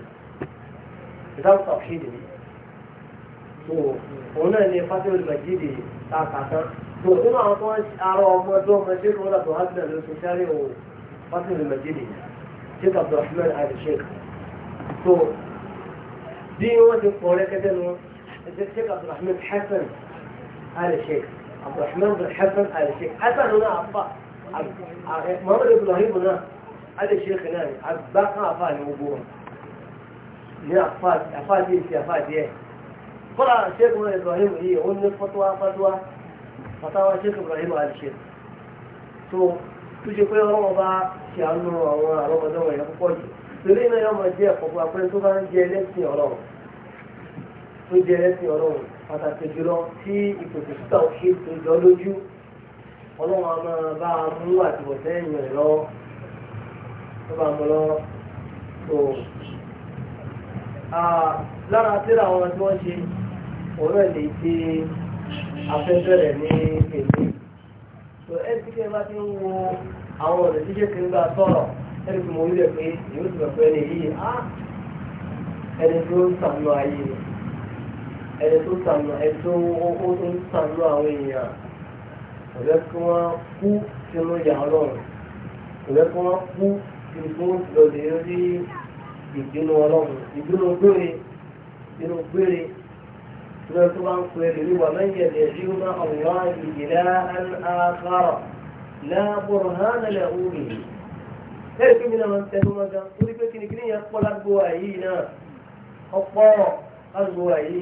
ìdáàbò tàwùṣe nìyí tó òun náà ní fásitì olùmọ̀jìdì tààtàtàn tó nínú àwọn tó ń arọ ọmọ tó ọmọ ṣé kí wọ́n dàtọ̀ wá sílẹ̀ lóṣù sáré o fásitì olùmọ̀jìdì sheikh abdulrahman ali sheikh tó bí wọ́n ti pọ̀ rẹ́kẹ́tẹ́ nu sheikh abdulrahman hasan آل الشيخ عبد الرحمن بن حسن آل الشيخ حسن هنا عبا محمد إبراهيم هنا آل الشيخ هنا عبا عفا لمبوه ní àfáàdé ìṣe àfáàdé ẹ̀ fọ́lá ṣẹ́gun Ibrahim yìí òun ní fọ́tọ́wá fọ́tọ́wá fọ́tọ́wá ṣẹ́gun Ibrahim àdìṣe tó tó ṣe pé ọlọ́wọ́ bá ṣe àánú àwọn àlọ́mọdọ́wọ̀ yẹn púpọ̀ jù torí iná yọmọ jẹ́ ẹ̀kọ́ fún apẹ́ tó bá ń jẹ ẹlẹ́sìn Ọlọ́run tó jẹ ẹlẹ́sìn Ọlọ́run pàtàkì jùlọ tí ìpòtòsítà òṣèlú tó jọ lójú ọlọ́run a máa bá a mú àtìwọ̀tẹ́ ìyàn rẹ̀ lọ́wọ́ tó bá mú lọ́wọ́ tó lára tíra àwọn tí wọ́n ṣe ọ̀rọ̀ lè ṣe afẹ́fẹ́ rẹ̀ ní èmi tó ẹni tí bá ti ń wo àwọn ọ̀rẹ́ tí jẹ́kiri gbà sọ̀rọ̀ ẹni tí mo rí rẹ̀ pé èmi ti bẹ̀ pé ẹni yìí ẹni tó ń sàmúlò ayé rẹ̀ ẹni tó sànù ẹni tó ó ń sànù àwọn èèyàn kò lẹ́ kí wọ́n kú sínú ìyá ọlọ́run kò lẹ́ kí wọ́n kú sínú tó ń lọ lè rí ìbínú ọlọ́run ìbínú gbére ìbínú gbére tó lẹ́ tó bá ń pè é wà lẹ́yìn ẹ̀dẹ̀ rí ó máa ń wá ìdílé àkàrà láàbùrù hàn Bẹ́ẹ̀ kí mi náà máa ń tẹnu mọ́ gan, torí pé kí yẹn pọ̀ lágbo àyè náà, ọ̀pọ̀ lágbo àyè.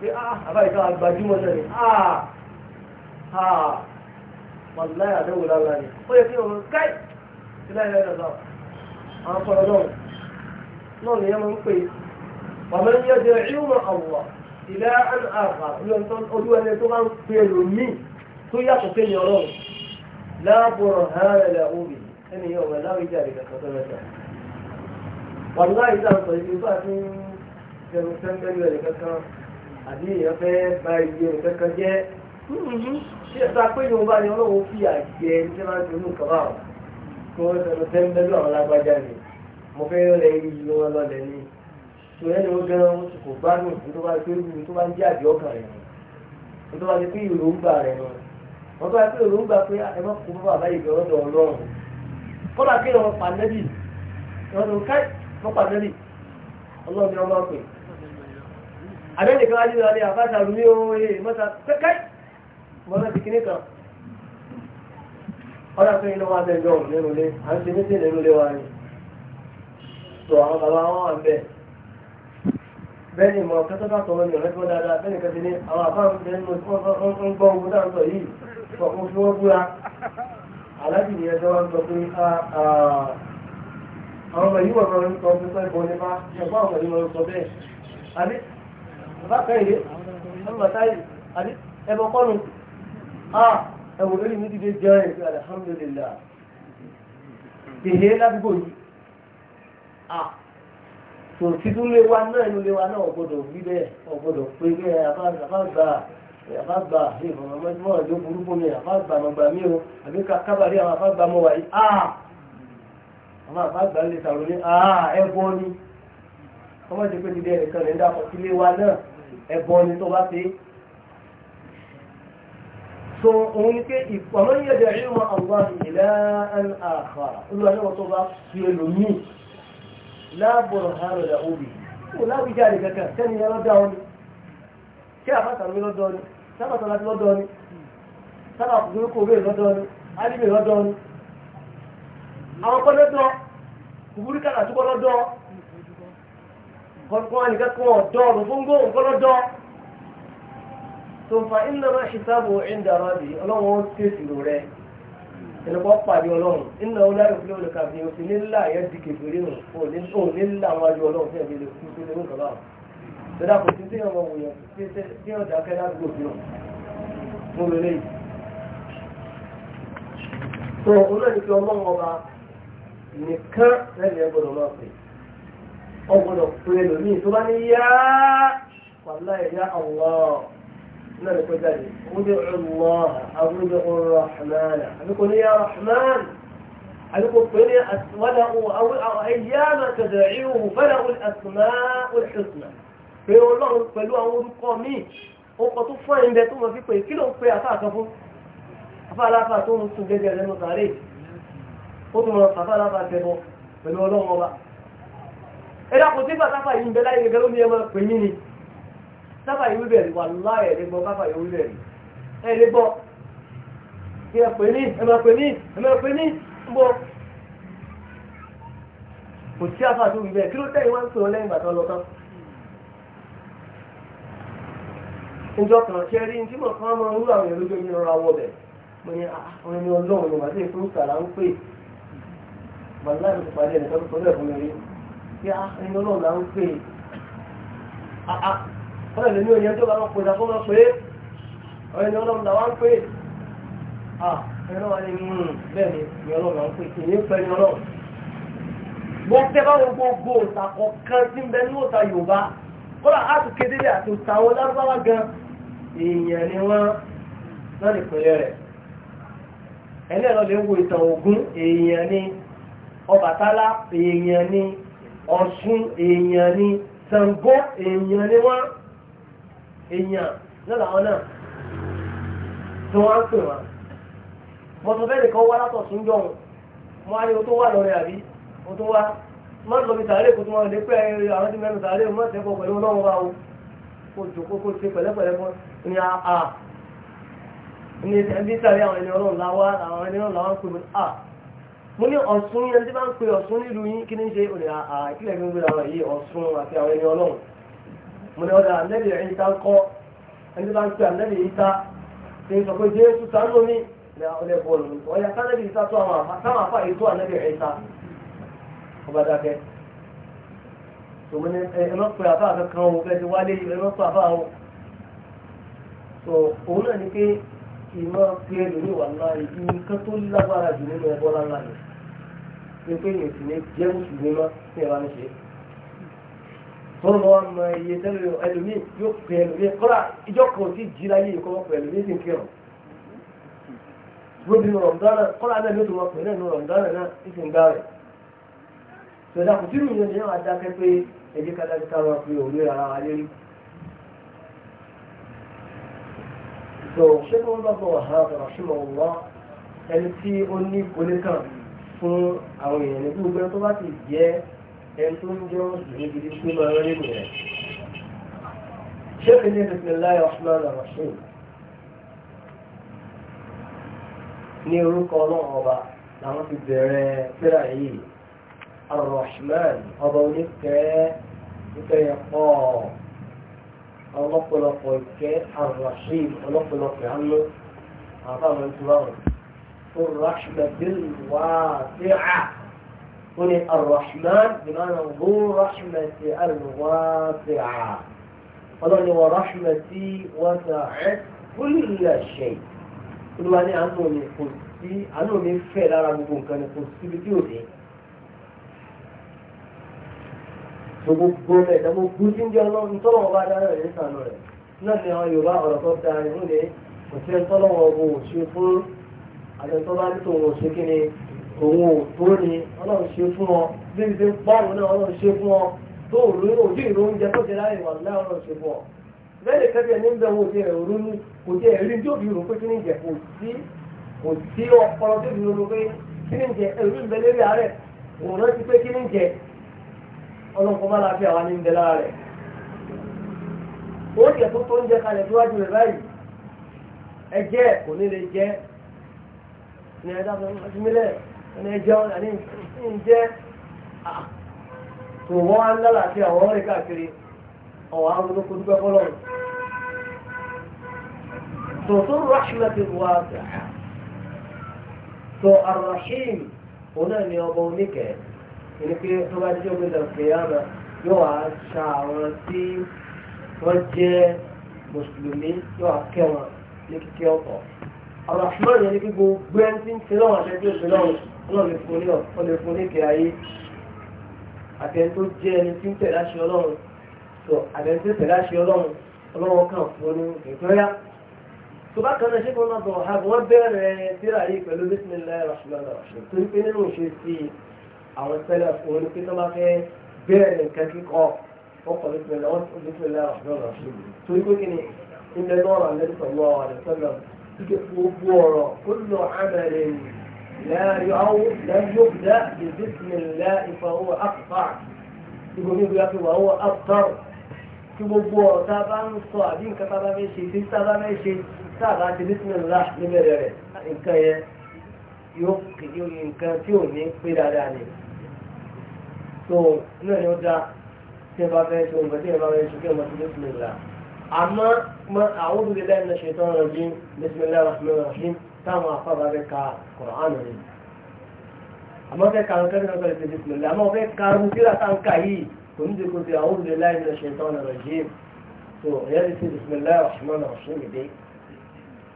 pé ah, àbá ìta àgbàjúmọ̀ sẹ́ni àà ah, ah, wàláyé àdéhùn lára ni ó yẹ kí òun káì sílẹ̀ ilẹ̀ lọ́wọ́ àwọn kọ̀ọ̀rọ̀ náà náà ni yẹn máa ń pè é wàmọ́ ní yẹn jẹ́ ìwọ̀n àwọ̀ ilẹ̀ àn àfà olú ẹni tó bá ń pè é lómi tó yàtọ̀ pé ní ọlọ́run láàbùrọ̀ hàn ilẹ̀ òbí ẹni yẹn ọ̀rọ̀ láwọn ìjà rẹ̀ kàkọ́ mẹ́ta wàláyé ìjà ń sọ àbí èèyàn fẹ́ ba iye nǹkan kan jẹ́ mm-hmm. ṣé ẹ̀ta pé yóò bá ní ọlọ́run fi àjẹ ṣé máa ń ń wọ́n tó bá pé ibi tó pé ìròǹgbà rẹ̀ nù wọ́n bá ọ̀dọ̀ ọlọ́run kọ́lá kí wọ́n pa nẹ́bì ká wọ́n pa ọlọ́run ni wọ́n máa pè abẹ́ni kan ajínú alẹ́ àbáta rú ní oye mọ́ta kẹ́kẹ́ mọ́ta ti kíní kan ọ́dá fún iná wá bẹ́ẹ̀ lọ́wọ́ nínú ilé à ń ṣe mí sí nínú ilé wa ni tó àwọn bàbá wọn wà ń bẹ̀ ni mọ̀ kẹ́tọ́ bá sọ̀rọ̀ ní ọ̀rẹ́ tó dáadáa bẹ́ẹ̀ ni kẹ́tọ́ ní àwọn àbá ń bẹ́ẹ̀ ń gbọ́ ohun tá à ń sọ yìí sọ fún fún wọn búra aláàjì ni ẹjọ́ wa ń sọ pé àwọn ọmọ yìí wọ̀ sọ pé pẹ́ bọ́ nípa ẹ̀fọ́ ọmọ yìí máa sọ bẹ́ẹ̀ bàbá kẹ́hìndé ẹ̀rọ màtáyì àbí ẹ̀bọ kọ́nù a ẹ̀wò lórí mi dìde alhamdulillah dèhé ládùúgbò yìí a tò títún lé wa náà inú lé wa náà ọ̀gbọ́dọ̀ wí bẹ́ẹ̀ ọ̀gbọ́dọ̀ pé bẹ́ẹ̀ àbágbà àbágbà ìfọ̀mọ́mọ́ ọ̀dọ́ burúkú mi àbágbà mọ̀gbà mi o àbí kábàárí àwọn àbágbà mọ̀ wáyé a àwọn àbágbà lè sàrò ọmọ ti pé dídé ẹnìkan rẹ̀ ń dàpọ̀ sílé wa náà ẹ̀bọ̀n ni tó bá ṣe. so òun ni pé ìpamọ́ yẹ̀ dẹ̀ rí mọ́ àwọn ìlà ẹn àfà olúwa náà tó bá fi ẹlòmíì láàbọ̀rọ̀ ha rẹ̀ òbí kò láwùjá rẹ̀ kankan sẹ́ni ẹ lọ́dọ̀ ọ́ ni kí àbáta mi lọ́dọ̀ ni sábàtà láti lọ́dọ̀ ni sábàtà kúrúkú rẹ̀ lọ́dọ̀ ni alíbi lọ́dọ̀ ni àwọn kọ́lẹ́dọ̀ kúburúkà àtúbọ̀ lọ́dọ̀ kọ́kọ́ nìkan kan ọ̀dọ́ ọ̀rùn fúngó nkọ́lọ́dọ́ tó ń fa ìnáwó ìṣàbò ìdàrọ́ bì ọlọ́run ó tèsì rẹ̀ ẹnìkan pàdé ọlọ́run ìnáwó láyò fúlẹ̀ olùkà fi òfin nílà yẹn di kẹfìrí nù ò nílà wọn ju ọlọ́run fún ẹ̀mí lè kú sí lórí kọ́lá tọ́lá kò sí sí ọmọ wòyàn sí ọjà kẹ́lá gbòòfin mú lélẹ́yìí tó olóòdì pé ọlọ́run ọba nìkan lẹ́yìn ẹgbọ́dọ̀ máa pè é ọgbọ̀dọ̀ pé ẹlòmíì tó bá ní yá wàlá ẹ̀yà Allah náà lè kọjá lè ọmọdé Allah àbúrúdé Rahman àbíkò ní yá Rahman àbíkò pé ní wàlá ẹ̀yà máa tẹ̀sẹ̀ ìhù fẹ́lá olùsùnmá olùsùnmá pé ọlọ́run pẹ̀lú àwọn orúkọ míì ó kọ tó fún ẹ̀yìn bẹ tó mọ̀ fi ń pe gẹ́gẹ́ lẹ́nu sàárè ó tún mọ̀ àfáà láfà pẹ̀lú ọlọ́run ọba ẹ̀dàkùn tí pàtàkì yìí ń bẹ láyé gẹ́gẹ́ ló ní ẹmọ pè mí ni sábà yìí wíbẹ̀rì wà láyé ẹ̀rẹ́ gbọ́ sábà yìí wíbẹ̀rì ẹ̀rẹ́ gbọ́ kí ẹ pè ní ẹmọ pè ní ẹmọ pè ní ń bọ kò sí àfàdù wíbẹ̀ kí ló tẹ̀yìn wá ń pè ọ́ lẹ́yìn ìgbà tó lọ tán. ìjọ kan ṣe rí tí mo kàn máa ń rú àwọn èròjọ mi rọra wọ bẹ̀ mo ní ah, ọlọ́run ni màá sì fún sàrà ń pè pé ah, ẹni ọlọ́run là ń pè é ọ̀rẹ́ lèmi ò ní ẹjọ́ bá wọn pè dàpọ̀ wọn pè é ọ̀rẹ́ ni ọlọ́run là wá ń pè é ẹni ọlọ́run ni hmm, bẹ́ẹ̀ ni ni ọlọ́run là ń pè é èyí pẹ́ ni ọlọ́run. wọ́n tẹ́ báwọn gbogbo òòtà kọ̀ọ̀kan tí ń bẹ ní òòtà Yorùbá kọ́lá áàtù kedere àti òòtà àwọn lárúbáwá gan èèyàn ni wọ́n náà nìpínlẹ̀ rẹ̀ ẹni ẹ̀rọ lè wo ìtàn Ògún èèyàn ni Ọbàtálá èèyàn ni ọ̀ṣun èèyàn ni ṣàngó èèyàn ni wọ́n èèyàn náà làwọn náà tí wọ́n á pè wọ́n mọ̀tọ́fẹ́ nìkan wá látọ̀ tún jọ òun mo á ní o tó wà lọ́rẹ́ àbí o tó wá má lọ bí sàárè kó tó wọn lè pẹ́ àwọn tí mẹ́nu sàárè mọ́ tẹ́kọ̀ pẹ̀lú ọlọ́run wa o kó jòkó kó ṣe pẹ̀lẹ́pẹ̀lẹ́ fún ni a ní ẹbí sàárè àwọn ẹni ọlọ́run làwọn ẹni ọlọ́run làwọn pè mí a mo ní ọ̀sùn yẹn tí bá ń pe ọ̀sùn nílùú yín kí ní ṣe òní àkílẹ̀ mi ń gbé àwọn yìí ọ̀sùn àti àwọn ẹni ọlọ́run mo ní ọ̀dà ànẹ́bì ẹ̀yìn tá ń kọ́ ẹni bá ń pe ànẹ́bì yìí tá ṣe ń sọ pé jésù sánú mi ní ọlẹ́ bọ́ọ̀lù ọ̀yà sánẹ́bì yìí tá tó àwọn àfa táwọn àfa yìí tó ànẹ́bì ẹ̀yìn tá ọba dákẹ́ tòmí ní ẹ má pe àfa kankan o bẹ́ẹ̀ ti wálé ẹ má pe àfa òun náà ní pé ìmọ̀ pé lóní wà láàyè nǹkan tó lágbára jù nínú ẹbọ láńlá ní pé èèyàn sì ní jẹ́ mùsùlùmí mọ́ ní ẹ̀rọ àníṣe. tọ́lọ́ wa mọ iye tẹ́lẹ̀ ẹlòmíì yóò pè ẹlòmíì kọ́lá ìjọ kan ò tí ì jìlá yìí kọ́ pẹ̀ ẹlòmíì sì ń kírun. lóbi nù rọ̀mùdánà kọ́lá náà ló ti wọ́n pè nù rọ̀mùdánà náà ìsì ń gbá rẹ̀. sọ̀dà kò tí ìròyìn yẹn wà dákẹ́ pé ẹ̀jẹ̀ ká dájú ká fún àwọn èèyàn ní gbogbo ẹni tó bá ti jẹ́ ẹni tó ń jọ ìrìngidi tó máa rán nínú rẹ̀. شيخ النبي بسم الله الرحمن الرحيم ní orúkọ ọlọ́run ọba làwọn ti bẹ̀rẹ̀ síra yìí arrahman ọba oníkẹ́ ìkẹyẹ pọ̀ ọlọ́pọ̀lọpọ̀ ìkẹ́ arrahim ọlọ́pọ̀lọpọ̀ àánú àbáwọn tí wọ́n الرحمة الواسعة هنا الرحمن بمعنى ذو رحمة الواسعة قالوا ورحمتي وسعت كل شيء قلوا يعني عنه من قدسي عنه من فعل عربكم كان قدسي بديوتي gbogbo ẹ̀dá gbogbo tí ń jẹ́ ọlọ́run tọ́lọ́wọ́ bá dára rẹ̀ nísàánú rẹ̀ náà ni àwọn yorùbá ọ̀rọ̀ tó dáa ní ìhùn ní kò sí ẹ̀ tọ́lọ́wọ́ ọgbọ̀n òṣèlú fún àtẹ̀tọ́ bá ní tòun ṣe kí ni òun ò tó ni ọlọ́run ṣe fún ọ bí ibi pọ́ọ̀rù náà ọlọ́run ṣe fún ọ tó òru òjì ìlú oúnjẹ tó ti láyè wà náà ọlọ́run ṣe fún ọ bẹ́ẹ̀ lè kẹ́bí ẹni ń bẹ wo ti ẹ̀rú ní kò ti ẹ̀rí tí òbí rò pé kí ni ìjẹ kò sí kò sí ọpọlọ tó fi rò pé kí ni ìjẹ ẹ̀rú ń lérí àárẹ̀ òun náà pé kí ni ìjẹ ní ẹ̀dá mílẹ̀ ní ẹjọ́ ní ìjẹ́ tó wọ́n á ń lálà sí àwọn ọ̀rẹ́ káàkiri ọ̀wọ́ àwọn olóko dúpẹ́ fọ́lọ́ tòótọ́ rahmatu wa tó arrahim òun náà ni ọba oníkẹ́ ẹni pé tó bá jẹ́ omi dàgbéyàmà yóò wá ṣa àwọn tí wọ́n jẹ́ mùsùlùmí yóò wá kẹ́ wọn Ar-Rahman yẹn ní kí gbogbo ẹni tí ń ṣe lọ́wọ́ àti ẹni tí ó ṣe lọ́wọ́ ọlọ́run lè fún ní ọ̀lẹ́ fún ní ìkẹ́ ayé àti ẹni tó jẹ́ ẹni tí ń tẹ̀lé àṣẹ ọlọ́run sọ àti ẹni tó tẹ̀lé àṣẹ ọlọ́run ọlọ́wọ́ kan fún ní ìgbẹ́yà. tó bá kan náà ṣé kí wọ́n bọ̀ ha wọ́n bẹ̀rẹ̀ síra yìí pẹ̀lú bismillahir rahmanir يصبح كل عمل لا لا يبدا بسم الله فهو اقطع يقول يقول يقول وهو ابطر تبوبورا تابع مستوعبين كتابا ماشي في تابع ماشي تابع بسم الله نبرر ان كان يبقي ان كان فيوني في داراني تو نحن جا تبع ماشي ومتبع ماشي كلمة بسم الله àmọ́ àwọn òbí bẹ́ẹ̀ ní ṣètò ọ̀rọ̀ bí bisimilayi rahman rahim táwọn afábà bẹ ka quran rẹ àmọ́ fẹ́ ka nǹkan nínú ọ̀rọ̀ ìṣèjì bisimilayi àmọ́ fẹ́ ka rúbíra táǹkà yìí kò ní dìkú sí àwọn òbí bẹ́ẹ̀ ní ṣètò ọ̀rọ̀ yìí tó ìyá ti ṣe bisimilayi rahman rahim dé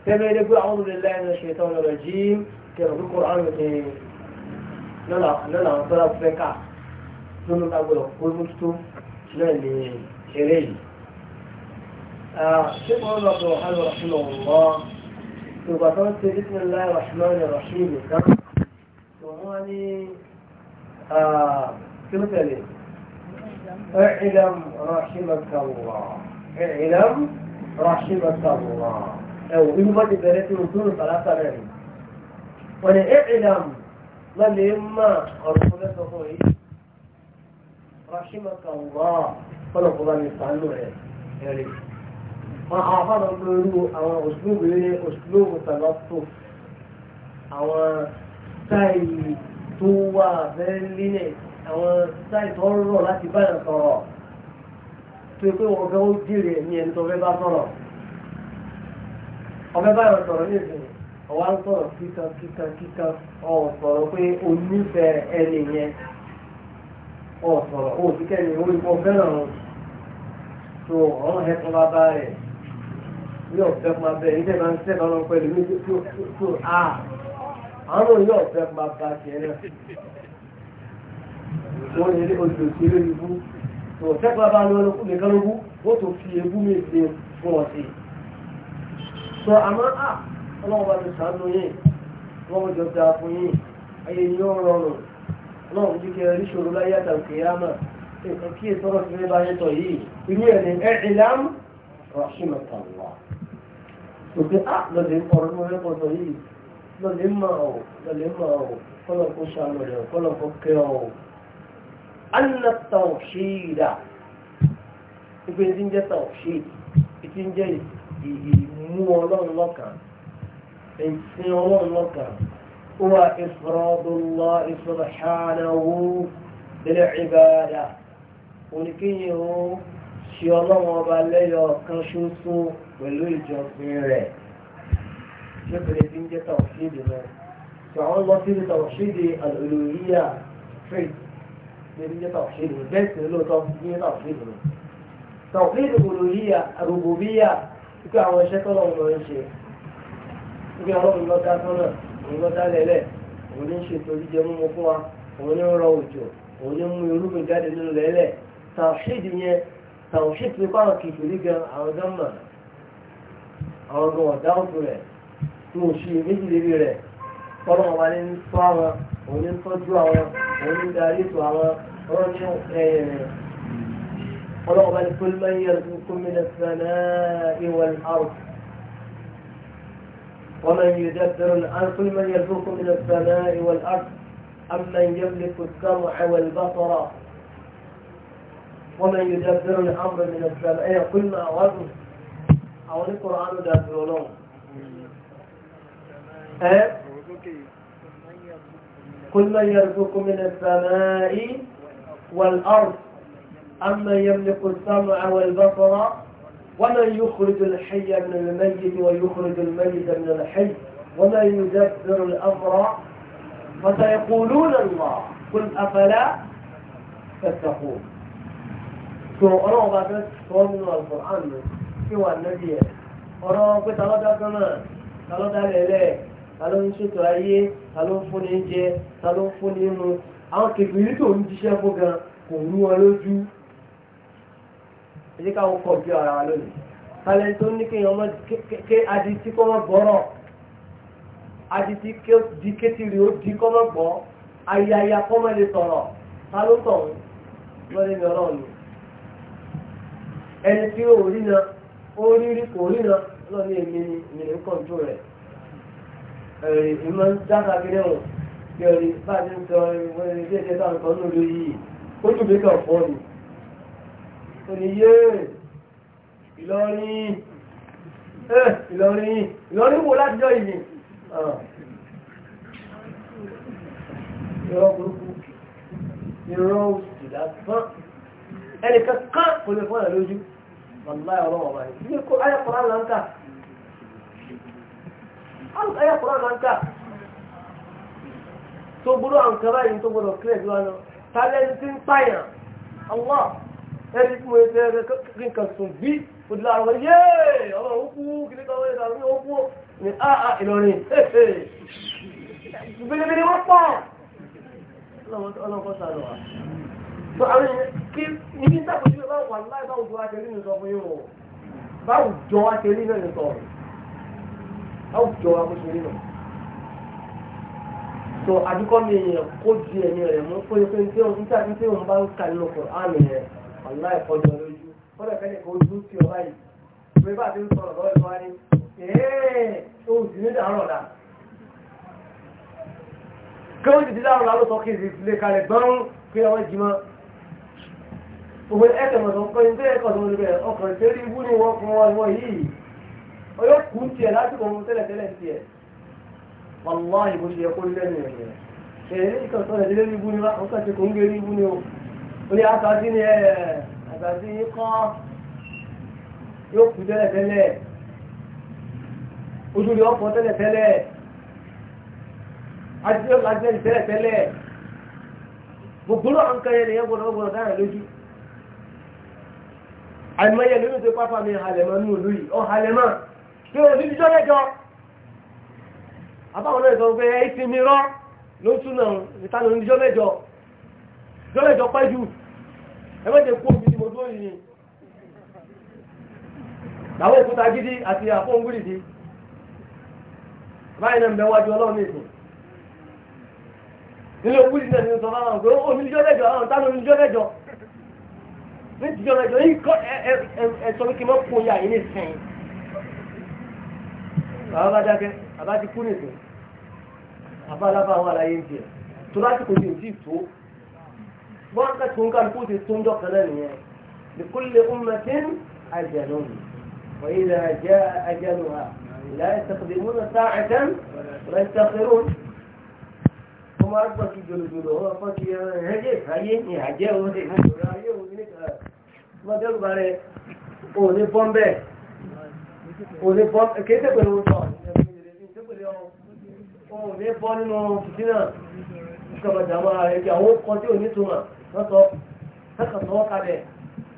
tẹ́lẹ̀ ilé gbé àwọn òbí bẹ́ẹ̀ ní ṣètò ọ̀rọ̀ yìí kẹrọ bí quran ti lọ́la àwọn tọ́lá fẹ́ ká lọ́nà lágbọ̀dọ̀ kó mú tó náà ní eré yìí. شيخ محمد عبد الوهاب رحمه الله يبقى بسم الله الرحمن الرحيم وهاني كلمة لي اعلم رحمك الله اعلم رحمك الله او ان ما تبرت وصول ثلاثة رحم وانا اعلم لما رسولك هو رحمك الله فلو قضاني صلوا عليه wọn àwọn afáàmà ń lórí àwọn òṣìlóògùn ní òṣìlóògùn tàbátò àwọn táì tó wà bẹ́ẹ̀ lílẹ̀ àwọn táì tó ń rọ̀ láti báyà sọ̀rọ̀ tó yẹ pé wọn fẹ́ ó jèrè ní ẹni tó fẹ́ bá sọ̀rọ̀ ọbẹ̀ báyà sọ̀rọ̀ ní ìsìn ọwọ́ ń sọ̀rọ̀ kíkan kíkan kíkan ọ̀ sọ̀rọ̀ pé onífẹ̀ẹ́ ẹni yẹn ọ̀ sọ̀rọ̀ ó ti kẹ́ni orí kan fẹ́ràn ọ̀hún tó ọ̀hún ẹ̀kọ́ bá bá rẹ̀ ní ọ̀fẹ́ máa bẹ̀rẹ̀ ilé máa ń sẹ́ka ọlọ́run pẹ̀lú ní tó tó a àwọn ní ọ̀fẹ́ máa bá tiẹ̀ náà wọ́n ní ilé oṣù tí ló ní bú ọ̀fẹ́ máa bá ní ọlọ́kùn nìkan ló bú wọ́n tó fi ebú mi ṣe fún ọ̀sẹ̀ sọ àmọ́ a ọlọ́run bá ti sàánú yìí wọ́n jọ da fún yìí ayé ni ó rọrùn ọlọ́run jí kẹrẹ ní ṣòro láyé àtàkì yámà nǹkan kí ètò ọ̀rọ̀ sí ní bá yẹtọ̀ yìí ilé ẹ̀ ní ẹ̀ ìlàmù rahimahullah òkè á ah, lọ́lẹ̀ ń kọ̀rọ̀ lórí ẹ̀kọ́ sọ yìí lọ́lẹ̀ ń máa ọ̀ lọ́lẹ̀ ń máa ọ̀ kọ́lọ̀ kó ṣàánú rẹ̀ kọ́lọ̀ kó kẹ́ ọ̀. anatọ̀ ṣe ìdá ìpè tí ń jẹ́ tọ̀ ṣe ìtí ń jẹ́ ìmú ọlọ́run lọ́kàn ìsìn ọlọ́run lọ́kàn ó wà ìfọ̀rọ̀dúnlọ́ ìfọ̀rọ̀ṣánáwó lẹ́lẹ̀ ìbáadà oníkéyìn ó ṣe ọlọ́run ọba lẹ́yọ̀ kan ṣoṣo pẹ̀lú ìjọsìn rẹ̀ ṣé pẹ̀lú ti ń jẹ́ tàwọ̀ṣídì náà tí àwọn lọ sí ní tàwọ̀ṣídì àlòlùyíyà faith ní ti ń jẹ́ tàwọ̀ṣídì bẹ́ẹ̀ sì lóòótọ́ ní tàwọ̀ṣídì náà tàwọ̀ṣídì olùyíyà àrùbùbíyà wípé àwọn iṣẹ́ tọ́lọ̀ ń lọ ń ṣe wípé ọlọ́run lọ dá sọ́nà òun lọ dá lẹ́lẹ̀ òun ní ṣètò jíjẹ mímu fún wa òun ní rọ òjò òun ní mú irúgbìn jáde nínú lẹ́lẹ̀ tàwọ̀ṣídì yẹn tàwọ̀ṣídì nípa àwọn gan àwọn gan àwọn ọmọ ọ̀dáhùn rẹ̀ tí mo ṣe méjì lérí rẹ̀ kọ́lọ́mọ wa ní ń tọ́ àwọn òun ní ń tọ́jú àwọn òun ní darí ètò àwọn ọ̀rọ̀ ní ẹ̀yẹ̀ rẹ̀ kọ́lọ́mọ wa ní pé lọ́yìn tó kún mi lọ sí ẹ̀nà ìwọ̀n àrùn ومن يدبر الأمر كل من يرزقكم من السماء والأرض أمن يملك السمع والبصر ومن يدبر الأمر من السماء كل ما أورد àwọn oníkọ̀ọ́ránù dàbí ọlọ́run ẹ́ يرزق من السماء والأرض أما يملك السمع والبصر ومن يخرج الحي من الميت ويخرج الميت من الحي ومن يدبر الأمر فسيقولون الله قل أفلا تتقون سورة أنا سورة القرآن kí wà nẹ́bí ẹ̀ ọ̀rọ̀ pé ta ló dá kan náà ta ló dá lẹ́lẹ́ ta ló ń ṣètò ayé ta ló ń fúnni jẹ ta ló ń fúnni mu àwọn kẹfìrí tó ń jíṣẹ́ fún gan kò rú wọn lójú èyí káwọn kọ̀ bí ara wa lónìí talẹ̀ tó ní kéèyàn ọmọ ké adití kọ́ mọ́ gbọ́rọ̀ adití di kétìrì ó di kọ́ mọ́ gbọ́ ayaya kọ́ mọ́ lè sọ̀rọ̀ ta ló tọ̀hún lọ́lẹ́ mi ọlọ́run ẹni tí ó rí náà ó rí rí kò ríran èmi ni èmi ń kọ̀ǹtò rẹ̀ ẹ̀rì ìmọ̀ dáka kiri wọn bí ọ̀rì bá ti ń sọ ìwé ilé iṣẹ́ táwọn kan ní yìí ó tún bí kàn fọ́ ni ó ní yé Ìlọrin Ìlọrin Ìlọrin wo láti jọ ìyìn ìrọ̀ burúkú ìrọ̀ òsì lásán ẹnìkan kan kò lè fọ́nà lójú wàlúwà ọlọ́wọ́ ọba yìí bí kò ayé kura là ń kà ayé kura là ń kà tó gbúdọ̀ àǹkárá yìí tó gbúdọ̀ kílẹ̀ bí wọn lọ tàbí ẹni tí ń pààyàn ọlọ́ ẹni tí mo Allah ẹ kí n kà sùn bí òdìlà àwọn yéé ọlọ́run ó kú kìlí kan wọ́n yẹ kàwé ó kú ní áà Ìlọrin bìbìlì So, àwọn èèyàn kí níbi táwọn ìṣẹ́ bá wà láì báwo jọ àtẹ̀lé ní sọ fún yín o báwo jọ àtẹ̀lé náà ní sọ rẹ̀ báwo jọ àmúṣeré náà tó àdúgbò mi èèyàn kó di ẹ̀mí rẹ̀ mú pé pé tí òun tí àti tí òun bá ń kà nínú Kùránì yẹn aláì kọjọ lójú kọ́dọ̀ kẹ́lẹ̀ kó ojú ti ọ̀rá yìí pé bá a ti ń sọ̀rọ̀ lọ́wọ́ ìfọwọ́ ni ẹ̀ẹ́ òun sì ní dàárọ̀ gbogbo ẹ̀kẹ̀mọ̀ tó ń kọ́ ilé ẹ̀kọ́ tó ń bẹ̀ ọkọ̀ ìṣeré ibú ni wọ́n fún wọn wọ́n yìí ọyọ́ kù ń tiẹ̀ lásìkò ohun tẹ́lẹ̀ tẹ́lẹ̀ ń tiẹ̀ wàlúwà ìbò ṣe kó lẹ́nu ẹ̀yẹ ẹ̀yẹ ìkọ̀ sọ̀rọ̀ ìdílé ibú ni wọ́n kàn ṣe kò ń gẹ̀rẹ́ ibú ni o ó ní àtàtì ni ẹ̀ àtàtì yìí kọ́ yóò kù tẹ́lẹ̀ tẹ́lẹ̀ ojú ni ọkọ̀ tẹ́lẹ̀ àìmọye lórí tó pápá mi halẹ̀mọ́ ní òlú yìí ọ halẹ̀mọ́ tí o ní ìjọ lẹ́jọ́ àbáwọn náà sọ pé ẹ ti mi rọ́ ló túnà níta ló ní ìjọ lẹ́jọ́ ìjọ lẹ́jọ́ pẹ́ jù ẹ mẹ́jẹ kú omi tí mo dúró yìí làwọn òkúta gidi àti àfọ̀ngúrì di báyìí náà ń bẹ wájú ọlọ́run ní ìsìn nílé òkúrì náà ní sọ fáwọn òkú omi ìjọ lẹ́jọ́ àwọn táwọn omi ìjọ lẹ́jọ́ ní ìdíjọ́ rẹ̀ jọ yìí kọ́ ẹ̀sọ́ pé kí n mọ́ kó ya yìí nísìnyí. bàbá bá dákẹ́ bàbá ti kú nìsín bàbá alábà wà láyé ń tiẹ̀ tó lásìkò tí ò tí ì tó wọ́n ká tó ń kálukú ti tó ń dọ́kẹ́ náà nìyẹn لكل أمة أجل وإذا جاء أجلها لا يستخدمون ọmọ àgbà kí jòlòjòlò ọmọ fọ́kí ẹ̀ẹ́dẹ́ ìfàyé ni àjẹ́ òun lè ní ìṣòro ayé òun ní ìkàrà mọ́tẹ́rù bá rẹ̀ òun ní bọ́m̀bẹ́ òun ní bọ́m̀bẹ́ kéèké pẹ̀lú ọ̀tọ̀ òun ní bọ́ nínú fìtínà ìkọ̀bọ̀jà máa rẹ̀ kí àwọn kan tí ò ní túmọ̀ lọ́tọ̀ lọ́kàtọ̀wọ́ kalẹ̀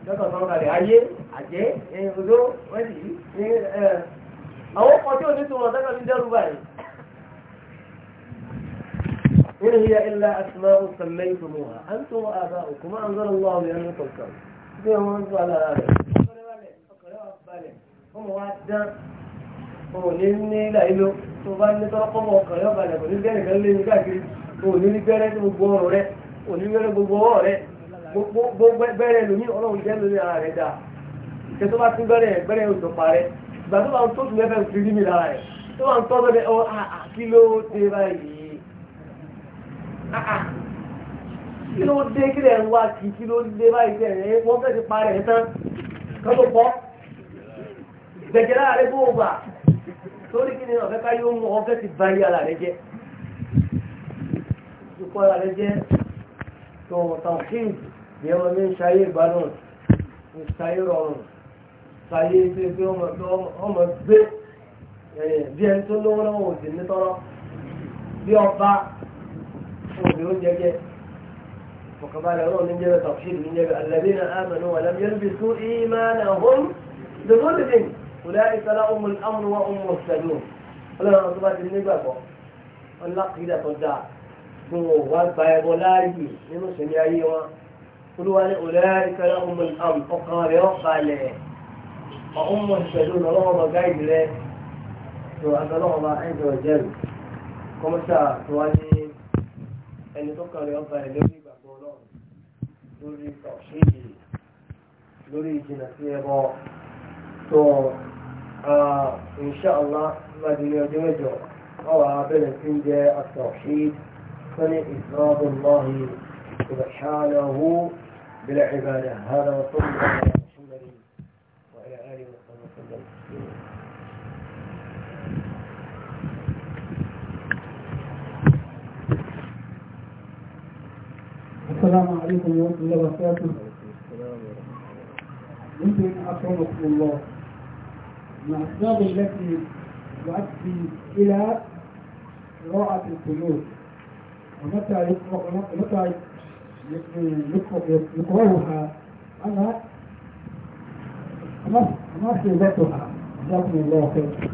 lọ́kàtọ̀wọ́ kalẹ̀ ayé àjẹ́ ẹ̀rọ wẹ́lì àwọn kan tí ò ní túmọ̀ lọ́kàtọ̀ إن هي إلا أسماء سميتموها أنتم وآباؤكم ما أنزل الله بأنكم كم فيهم أنتم على آله هم وعدا هم نيني لا إلو طبعا نترقم وقريبا لك ونلقاني قال لي نكاكي ونلقاني تبقون رأي ونلقاني تبقون رأي bẹ̀rẹ̀ lómi ọlọ́run jẹ́ lórí ara rẹ̀ dáa ìṣẹ́ bá tún bẹ̀rẹ̀ bẹ̀rẹ̀ òjò parẹ́ ìgbà tó tún lẹ́fẹ̀ẹ́ fi rí mi lára rẹ̀ tó bá ń tọ́ bẹ̀rẹ̀ ọ àkíló dé báyìí Ah, ah. kí ló dé kí lẹ̀ ń wá kí kí ló dé báyìí tẹ̀ ẹ̀ wọ́n fẹ́ ti parẹ̀ ẹ̀ tán kọ́lọ̀ pọ́ gbẹ̀jẹ̀ láàrẹ bó wà torí kí ni ọ̀fẹ́ ká yóò mú ọ̀fẹ́ ti bá yí ara rẹ jẹ́ ìkọ́ ara rẹ jẹ́ tó ọ̀tàn kíì bí ọmọ mi ń ṣayé ìgbádùn ń ṣayé rọrùn ṣayé tí pé ọmọ gbé bí ẹni tó lówó lọ́wọ́ òsì nítorọ́ bí ọba ودي رجع وكمان يرون من جبه تفشيل من جبه الذين آمنوا ولم يلبسوا إيمانهم بظلم أولئك لهم الأمر وهم مهتدون ọlọ́run tó bá ti nígbàgbọ́ ọlọ́kìlá tó dáa gbogbo wa gba ẹbọ láàyè nínú ìṣẹ̀lẹ̀ ayé wọn olúwa ní ọ̀lẹ́rìíkà ọmọ ìlànà ọkàn rẹ̀ ọ̀kalẹ̀ ọmọ ìṣẹ̀lẹ̀ ọlọ́wọ́ bá gáìdì rẹ̀ tó àtọ́lọ́wọ́ bá ẹ̀jọ̀ jẹ́rìí kọ́mọ́sà tó wá ní. ẹni tó kàn rẹ̀ ọba ẹ̀ lórí ìgbàgbọ́ ọlọ́run lórí tọ̀ṣíìdì lórí ìjìnà sí ẹbọ tó insha Allah láti ní ọjọ́ mẹ́jọ ọwọ́ abẹ́rẹ́ sí ń jẹ́ àtọ̀ṣíìdì sani ìsọ́bùn lọ́hìn سبحانه بالعبادة هذا وصلى الله السلام عليكم ورحمة الله وبركاته يمكن أكرمكم الله مع الأسباب التي تؤدي إلى قراءة القلوب ومتى يقرأ ومتى يقرأها أنا ذاتها جزاكم الله خير.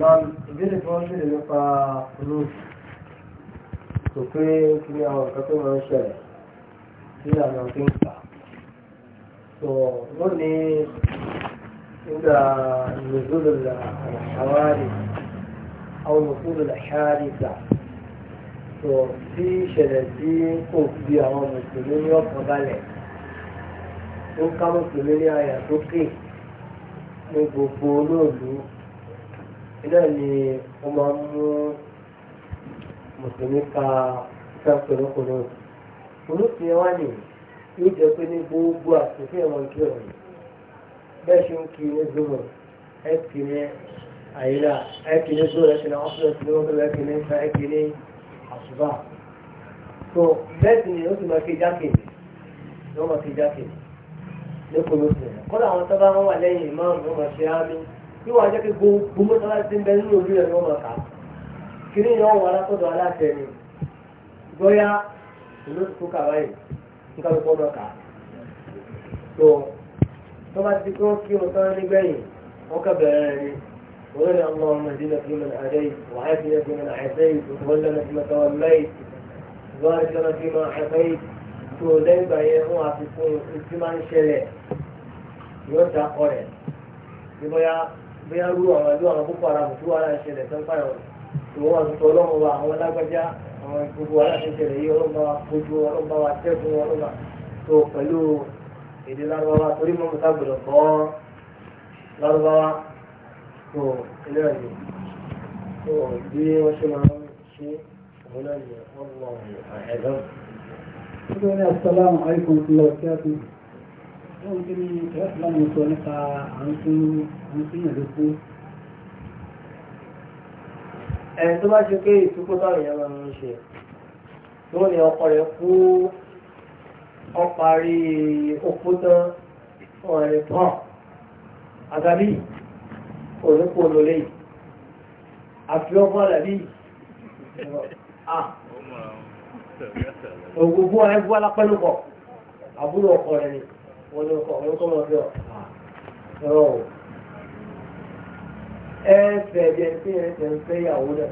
Non, il vient de le pas kò pé kí ni àwọn nǹkan tó máa ń ṣẹlẹ̀ tí àwọn fi ń fà so lónìí nígbà nùzúlù àwárí àwọn nùzúlù àṣáárí gbà so tí ìṣẹ̀lẹ̀ tí kò fi àwọn mùsùlùmí ní ọ̀kan balẹ̀ tó ká mùsùlùmí ní àyà sókè ní gbogbo olóòlù náà ni wọ́n máa ń mú mùsùlùmí ka sáfẹ́ lọ́kùnrin ọ̀sùn. olùsìn ẹ̀ wá ní yóò jẹ́ pé ní gbogbo àtúnṣe ẹ̀wọ̀n kí ọ̀rọ̀ bẹ́ẹ̀ ṣe ń kí ní zoro ẹ̀ kì ní àyílà ẹ̀ kì ní zoro ẹ̀ kì ní ọ̀sùn ẹ̀ kì ní ọ̀sùn ẹ̀ kì ní ìfẹ́ ẹ̀ kì ní àṣùbà. tó bẹ́ẹ̀ sì ni ó sì máa fi jákèjì ló máa fi jákèjì lẹ́kọ̀ọ́ ló sì kọ́lá àwọn sábà wọn wà lẹ́yìn ìmáàmù wọn máa ṣe ámì yóò wá jẹ́ pé gbogbo mọ́tàlá ti ń bẹ nínú olú kiri yẹn wọn alákọ̀dọ̀ aláṣẹ ni bóyá ìlú tó kàwá yìí nǹkan lóko ọdọ kà tó tó bá ti kó kí o tán nígbẹ̀yìn wọn kà bẹ̀rẹ̀ rẹ̀ ni wọn lè lọ ọmọ ìdílé fún mi àdé wàá fi ẹgbẹ́ mi àìsẹ́ yìí tó wọ́n lẹ́nu fún mi tọ́wọ́ mẹ́yì wọ́n á lọ́nà fún mi àìsẹ́ yìí tó lẹ́yìn gbà yẹn wọn àti fún ìtí máa ń ṣẹlẹ̀ yóò dá kọ́ rẹ̀ bóyá bóyá rú àwọn ìlú àwọn púpọ̀ ara mùtúwárà ń ṣẹlẹ̀ tó ń pààyàn ìwọ́n àtúntò ọlọ́run wa àwọn lágbájá àwọn gbogbo aláṣẹṣẹlẹ yìí ọlọ́run bá wa fojú ọlọ́run bá wa tẹ́kun ọlọ́run bá tó pẹ̀lú èdè lárúbáwá torí mọ́mú sábẹ̀rẹ̀ kọ́ lárúbáwá tó ilé ẹ̀yìn tó bí wọ́n ṣe máa ń ṣe òun náà wọ́n lọ ẹ̀dọ́. Nítorí asalaamu alaykum wa rahmatulahi. Wọ́n ti ní ẹ̀rọ ìsìlámù sọ nípa à ń fún àǹfíyàn lóko ẹni tó bá ṣe pé ìtúkọ́ bá èèyàn máa ń ṣe tó ní ọkọ rẹ̀ kú ọparí òkú tán ọ̀rẹ́ tán àgàbí òrùkú olólè àfi ọkọ àgàbí ògùn fún ọ̀rẹ́ fún alápẹ́lúkọ̀ àbúrò ọkọ rẹ̀ ni wọ́n ní ọkọ ọ̀rẹ́ kọ́ mọ́ fẹ́ ọ̀ ẹ̀ẹ́fẹ̀ bí ẹni tí ẹ̀ẹ́fẹ̀ ń fẹ́ ìyàwó náà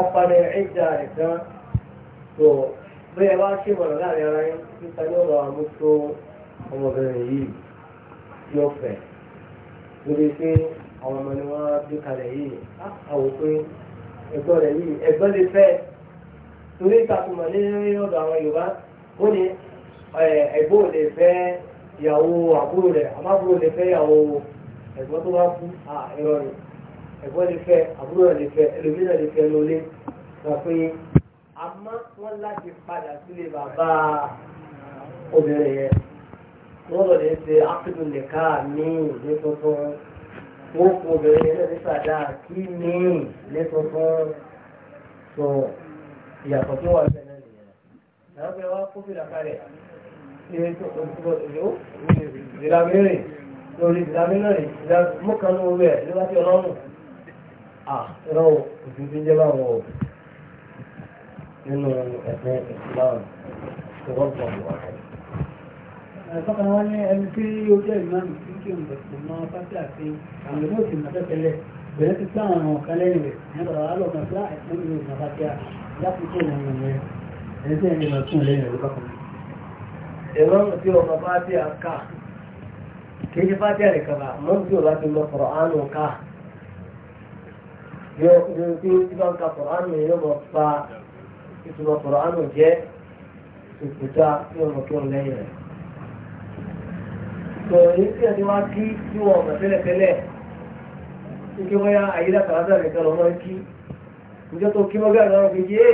ọ̀padà ẹ̀ẹ́dà rẹ̀ tán tó bẹ́ẹ̀ wá ṣe mọ̀nà láàrin ara yín nípa ní ọ̀rọ̀ àmútó ọmọbìnrin yìí tí ó fẹ́ lórí pé àwọn ọmọ ni wọ́n gbé kalẹ̀ yìí àwò pé ẹ̀gbọ́n rẹ̀ yìí ẹ̀gbọ́n lè fẹ́ torí ìtàkùnmọ̀ ní ọ̀dọ̀ àwọn Yorùbá ó ní lè fẹ́ ìyàwó àbúrò rẹ̀ lè fẹ́ ẹ̀gbọ́n tó bá kú à ẹ̀rọ rẹ̀ ẹ̀gbọ́n lè fẹ́ àbúrò rẹ̀ lè fẹ́ ẹlòmíràn lè fẹ́ lólé wọ́n pé àmọ́ wọ́n láti padà sílé bàbá obìnrin yẹn wọ́n lọ lè ṣe ápẹ́tù nìka ní ìlú tuntun wọ́n kó obìnrin yẹn lẹ́sẹ̀ sàdá kí ní ìlú tuntun tó ìyàtọ̀ tó wà lẹ́nu nìyẹn. àwọn ọmọ ẹ wá kó fìlà kalẹ̀ ṣe é tó ìlú ìlú ìlú ìlú lórí ìdámi náà rè ìdá mọ́kànlá owó ẹ̀ ló bá fi ọlọ́run à ẹ̀rọ òfin ti ń jẹ́ báwọn o nínú ẹ̀sìn ìsìláàmù tó wọ́n pọ̀ lọ́wọ́ àtọ́ka wọn ní ẹni tí ó jẹ́ ìmáàmù tí kí òun bẹ̀rẹ̀ mọ́ pátí àti àwọn ìlú òsì máa tẹ́tẹ́lẹ̀ bẹ̀rẹ̀ ti sáwọn ọ̀ràn ọ̀kan lẹ́yìn rẹ̀ ní ọ̀rọ̀ alọ́gbọ̀n fúlá ẹ̀sìn ìlú òsì máa tẹ́tẹ́ láti kí òun ọ̀ràn rẹ̀ ẹni tí ẹni máa tún lẹ́yìn rẹ̀ lọ́kọ̀ọ́. ìrọ̀rùn tí ọmọ bá dé àká kì í ṣe fáti àríkà bá mọ́ bí o bá ti mọ Kùránù ká yóò yóò tí bá ń ka Kùránù yóò mọ̀ pa ìtumọ̀ Kùránù jẹ́ ìkúta yóò mọ̀ kí wọ́n lẹ́yìn rẹ̀. sọ̀rọ̀ yìí tí a ti wá kí tí wọ́n mọ̀ tẹ́lẹ̀tẹ́lẹ̀ tí kí wọ́n yá àyílá kàrátà rẹ̀ kan lọ́mọ kí níjọ́ tó kí wọ́n gbàgbọ́ ọ̀gbìn yé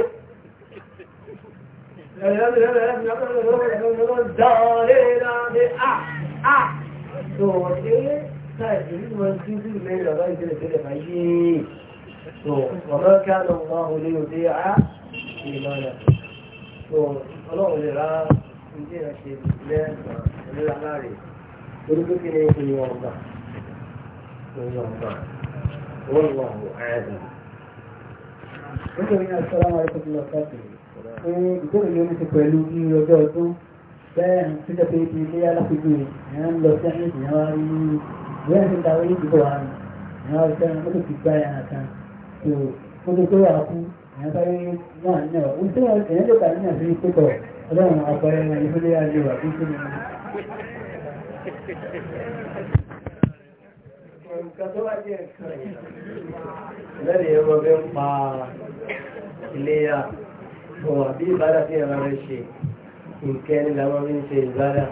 Dáàrẹ́dáàrẹ́ ah tó ṣe káàdì nínú ẹgbẹ́ tí ó lẹ́yìn ọ̀rọ̀ ìbílẹ̀ tẹ́lẹ̀ báyé tó ọ̀rọ̀ kí á lọ wọ́n ó lé òde á ìlànà tó ọlọ́run lè ra ilé ẹ̀ṣẹ̀ lẹ́ẹ̀kan ìlera láre torí pé kí ni èèyàn ọ̀gbà èèyàn ọ̀gbà wọ́n wà wọ́n ààrẹ. nítorí náà sọ́lá wọn ẹ̀kọ́ ti lọ sọ́ọ̀tì ìgbóhùn ló ní ti pẹ̀lú ní ọjọ́ ọdún bẹ́ẹ̀ ni tí jẹ́ pé ibi ilé alákòókò ìyẹn ń lọ sí ẹ̀yìn ìyẹn wá rí ìwé ẹ̀sìn ìdáwó yìí dìbò àrùn ìyẹn wá rí sẹ́yìn ó lè fi gbá ẹran kan tó ó lè tó wà kú ìyẹn bá rí náà ní ọ̀ ń tẹ́wọ̀n ìyẹn lè kà ní àfi pípọ̀ ọlọ́run àpẹẹrẹ ẹran ìfúnlé ayé wà kú sínú lẹ́yìn ẹ̀rọ bẹ́ẹ̀ pa ilé yá bọ̀ àbí ìbára tí ẹ̀rọ rẹ̀ ṣe nǹkan ẹni làwọn fi ń ṣe ìbádà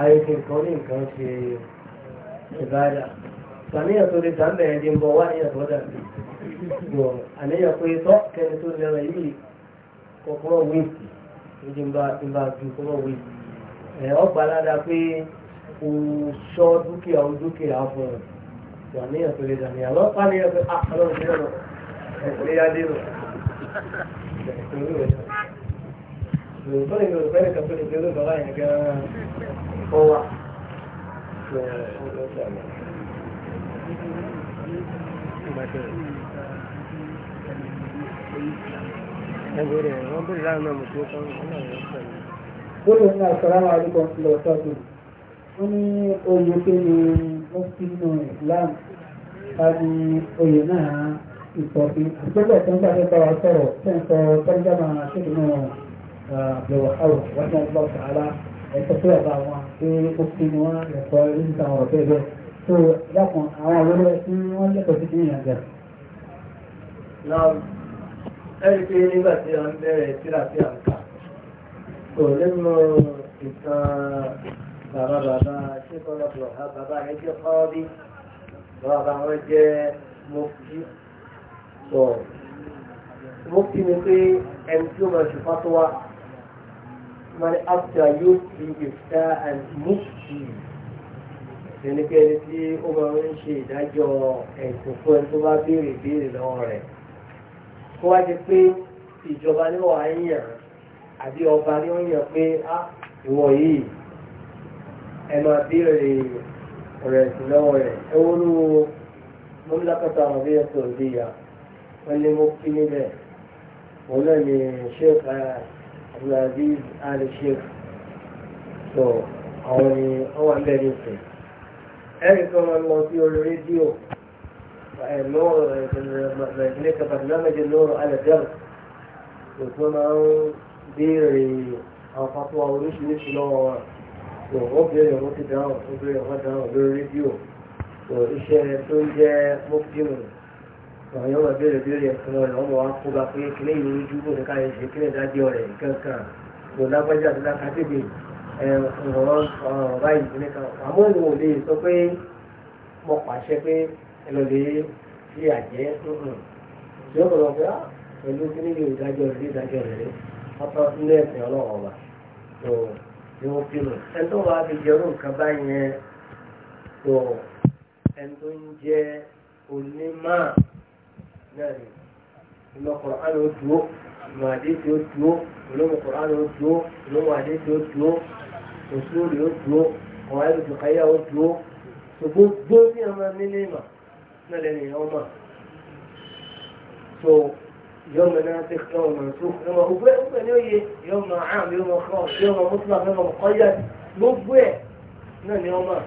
ayọ̀kẹ́ nǹkan ní nǹkan ṣe ìbádà sàníyàn tó lè sàmbẹ̀ ẹni bọ̀ wá níyàn tó dà sí àníyàn pé tọ́ kẹni tó lẹ́rọ yìí kọ́kọ́rọ́ wí ìdí ń bá ti bá ju kọ́kọ́rọ́ wí ọgbà ládà pé o ṣọ́ dúkìá o dúkìá fún ọ sàníyàn tó lè sàníyàn lọ́pàá níyàn pé ah ọlọ́run ti rẹ̀ lọ ẹ̀kọ́ lóòótọ́ ìlú òpẹ́ nìkan tó lè gbé lóòótọ́ láyé gan-an ó wà Ẹgbẹ̀rẹ̀ wọ́n bèèrè láàrin náà mọ̀ tí ó kọ́ ọ̀nà ìwọ̀n pẹ̀lú. Bóyá ní àṣàráwà àríkọ̀ ti lọ sọ́dún. Ó ní oyè pé ní mọ́sí tó ń bá fẹ́ bá wa sọ̀rọ̀ tẹ́ ń sọ tọ́jú àbẹ̀wọ̀hárò wọ́n ní àgbà ọ̀tàlá ẹ̀tọ́ tó ẹ̀bà wọn pé ó fi ni wọ́n ẹ̀kọ́ oríṣiríṣi àwọn ọ̀rọ̀ bẹ́ẹ̀ bẹ́ẹ̀ tó yàpọ̀ àwọn olóró tí wọ́n lẹ́kọ̀ọ́ sí ní ìyàgbà. ẹni pé nígbà tí a ń bẹ̀rẹ̀ síra sí àǹkà kò lẹ́nu ìtàn bàbá bàbá ṣé kọ́lá bàbá bàbá rẹ̀ jẹ́ kọ́ọ́bí bàbá wọn jẹ́ mọ́kì sọ mọ́kì pé ẹni tí ó máa ṣùpá tó wá mani afta yóò fi ìfta and mufti ẹni pé ẹni tí ó máa ń ṣe ìdájọ́ ẹ̀sìn fún ẹni tó bá béèrè béèrè lọ́wọ́ rẹ̀ kó wá jẹ pé ìjọba ní wàá yàn àbí ọba ní wọ́n yàn pé á ìwọ yìí ẹ máa béèrè ọ̀rọ̀ ẹ̀sìn lọ́wọ́ rẹ̀ ẹ wọ́n ló ń lákàtà àwọn bí ẹ̀sìn òdìyà wọ́n lé mú kí níbẹ̀ òun náà ni ṣé abdulaziz ali sheikh so àwọn ni wọ́n wà bẹ́ẹ̀ ní ìsìn ẹ̀rì kan wọn lọ sí orí rédíò ẹ̀ẹ́dẹ́gbẹ̀rẹ̀ bàtìlámẹ́jẹ lọ́rọ̀ alẹ́dẹ́rẹ̀ kò tó máa ń béèrè àwọn pápá oríṣiríṣi lọ́wọ́ wọn so ó béèrè wọn ti dáhùn ó béèrè wọn dáhùn lórí rédíò so iṣẹ́ tó ń jẹ́ mọ́kìdìmù àwọn yóò máa béèrè béèrè fún ọ lọ́wọ́ wọn kó bá pé kílẹ̀ yìí ní júbò ní káyọ̀ ṣe kílẹ̀ dájọ́ rẹ̀ kankan kò lágbájá tó lákàtẹ́gbè ọ̀rọ̀ báyìí nìkan àmọ́ ìwọ̀n ò lè sọ pé mo pàṣẹ pé ẹ lọ lè fi àjẹ́ ṣé ó lọ pé á ah, pẹ̀lú kílẹ̀ yìí ìdájọ́ rẹ̀ ìdájọ́ rẹ̀ ni wọ́n fi náà ìmọ̀ kọ̀ọ̀án ó dúró ìmọ̀ àdéhùn ó dúró ìlọ́mọ kọ̀ọ̀án ó dúró ìlọ́mọ àdéhùn ó dúró òṣùlórí ó dúró ọ̀wá ìlú ìfìkàyà ó dúró gbogbo ní ọmọ nílé ìmọ̀ náà lẹ́nu ìyá ọmọ so يوم ناسخ يوم منسوخ يوم أبوه أبوه يوم عام يوم خاص يوم مطلق يوم مقيد gbogbo ẹ̀ náà ni wọ́n mọ̀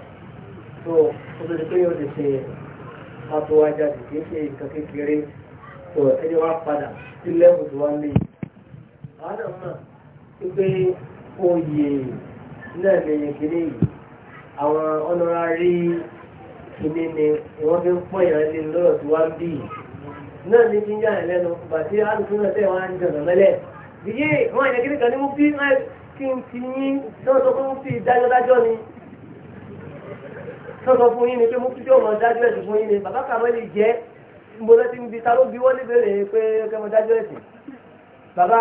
tó o tó di pé yóò ti ṣe àtúwájà kìí ṣe nǹkan kékeré tó ẹni wá padà sí lẹ́mù tó wá lé àwọn náà mọ̀ wípé oyè náà lè kéré yìí àwọn ọ̀nàrárí kìíní ni wọ́n fi ń pọ̀ yàn lé lọ́rọ̀ tó wá bí yìí náà ní kí n yà lẹ́nu bàtí àlùkò náà tẹ̀ wọ́n á ń jọ̀nà mẹ́lẹ̀ bíyé wọn àyàn kiri kan ní mo fi kí n ti yín náà sọ pé mo fi dájọ́dájọ́ ni sọ́sọ́ fún yín ni pé mo fi tí ó mọ̀ dájọ́ ẹ̀sùn fún yín ni bàbá kàwé lè jẹ́ mo lẹ́tí níbi ta ló bí wọ́n lè bèèrè pé kẹ́mọ dájọ́ ẹ̀sìn bàbá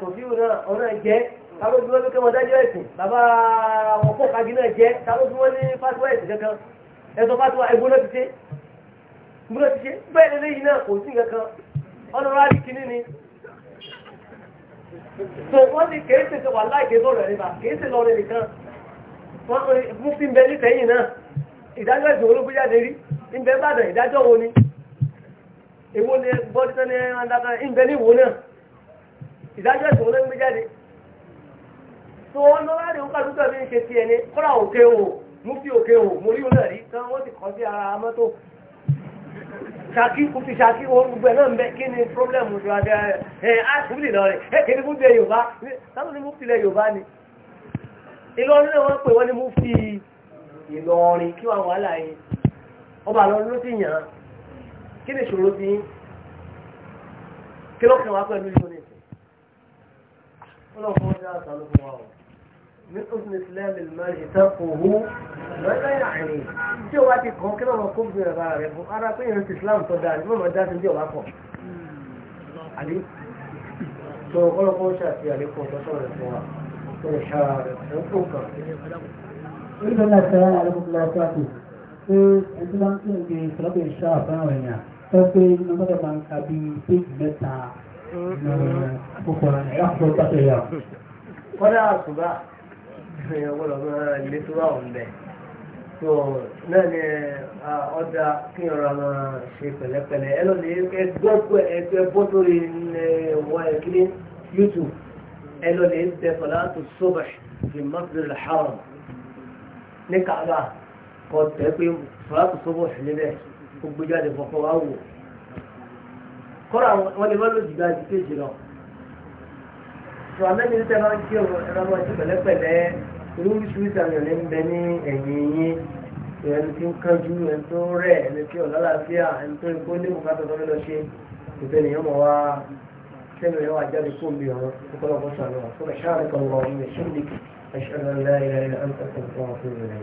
tòfíù náà ọ̀nà jẹ́ ta ló bí wọ́n lè kẹ́mọ dájọ́ ẹ̀sìn bàbá wọn kó kagi náà jẹ́ ta ló bí wọ́n lè fásitì ẹ̀sìn kankan ẹ̀sọ́ fásitì ẹ̀gbọ́n náà ti ṣe ni so wọ́n ní kìí ṣe wà láìké lọ́rọ̀ ẹ̀rí bá kìí ṣe lọ́rọ̀ nìkan wọ́n mú fi ń bẹ nífẹ̀ẹ́ yìí náà ìdájọ́ ìṣòro gbéjáde rí ń ìdájọ́ wo ni èwo ni bọ́dí tán ní ọ̀dàkà ìbẹ̀ ni ìwò náà ìdájọ́ ìṣòro ló ń gbé jáde tó wọn lọ láti òkú àdúgbò mi ń ṣe tiẹ̀ kọ́ra òkè o mú fi òkè o mo rí òun náà rí tán wọ́n ti kọ́ sí ara mọ́tò ṣàkí kò fi ṣàkí wọn gbogbo ẹ̀ náà ń bẹ kí ni pírọ́blẹ́mù ti wá dé ẹ̀ ẹ̀ àṣìbìlì lọ rẹ̀ ẹ̀ kí ni mú fi Yorùbá táwọn ni mú fi lẹ Yorùbá ni Ìlọrin náà wọ́n pè wọ́n ni mú fi Ìlọrin kí wọ́n wà ọba àlọ́ kí ni ìṣòro ti yín kí ló kàn wá pẹ̀lú yóò ní ìsìn ọlọ́pàá ọjọ́ àtàlù fún wa o ní ọdún ìsìlẹ́mì lọ́yìn ìtàkùnhù lọ́yìn àárín tí o wá ti kàn kí lọ́mọ kó bìnrin bàbá rẹ fún ara pé ìrìn ti Islam tó dáa ní mọ̀mọ́ dá sí bí ọ̀wá kọ̀ àbí tó ọlọ́pàá ọjọ́ àti àlékún ọjọ́ sọ̀rọ̀ fún wa tó lè ṣára rẹ̀ tó ń kó kàn. orí lọ́la ìṣẹ́ra àlẹ́ pé ọmọdé máa ń ka bí péjì mẹ́ta ọkùnrin ẹ̀yà fún ọgbà tó yà. kọ́dà àtúbà èèyàn gbọ́dọ̀ máa lé tó bá òun bẹ̀. tó náà ni ọjà kí ọ̀rọ̀ máa ṣe pẹ̀lẹ́pẹ̀lẹ́ ẹ lọ́ọ́ lè ẹgbẹ́ bọ́ sórí ẹ̀wọ́ ẹ̀kíní youtube ẹ lọ́ọ́ lè tẹ fọlá tó sọ́bà fi mọ́tò lè hàrùn ní kàbà kọ́ tẹ́ pé fọlá tó sọ́bà níbẹ̀ ó gbé jáde fọ̀fọ̀ wá wò kọ́ra wọn lè má lò jù láti kéjì lọ sọ amẹ́ni ní tẹ́lá ń kí ẹ̀rọ ọmọ ẹ̀sìn pẹ̀lẹ́pẹ̀lẹ́ oríṣiríṣi àwọn èèyàn ń bẹ ní ẹ̀yìn yín ẹni tí ń kánjú ẹni tó rẹ̀ ẹni tí ọ̀la láàfíà ẹni tó ikú ní bùkátà tó lọ ṣe ìfẹ́ nìyẹn mọ̀ wá sẹ́nu yẹn wà fún mi ọ̀rọ̀ ọ̀pọ̀lọpọ̀ sànù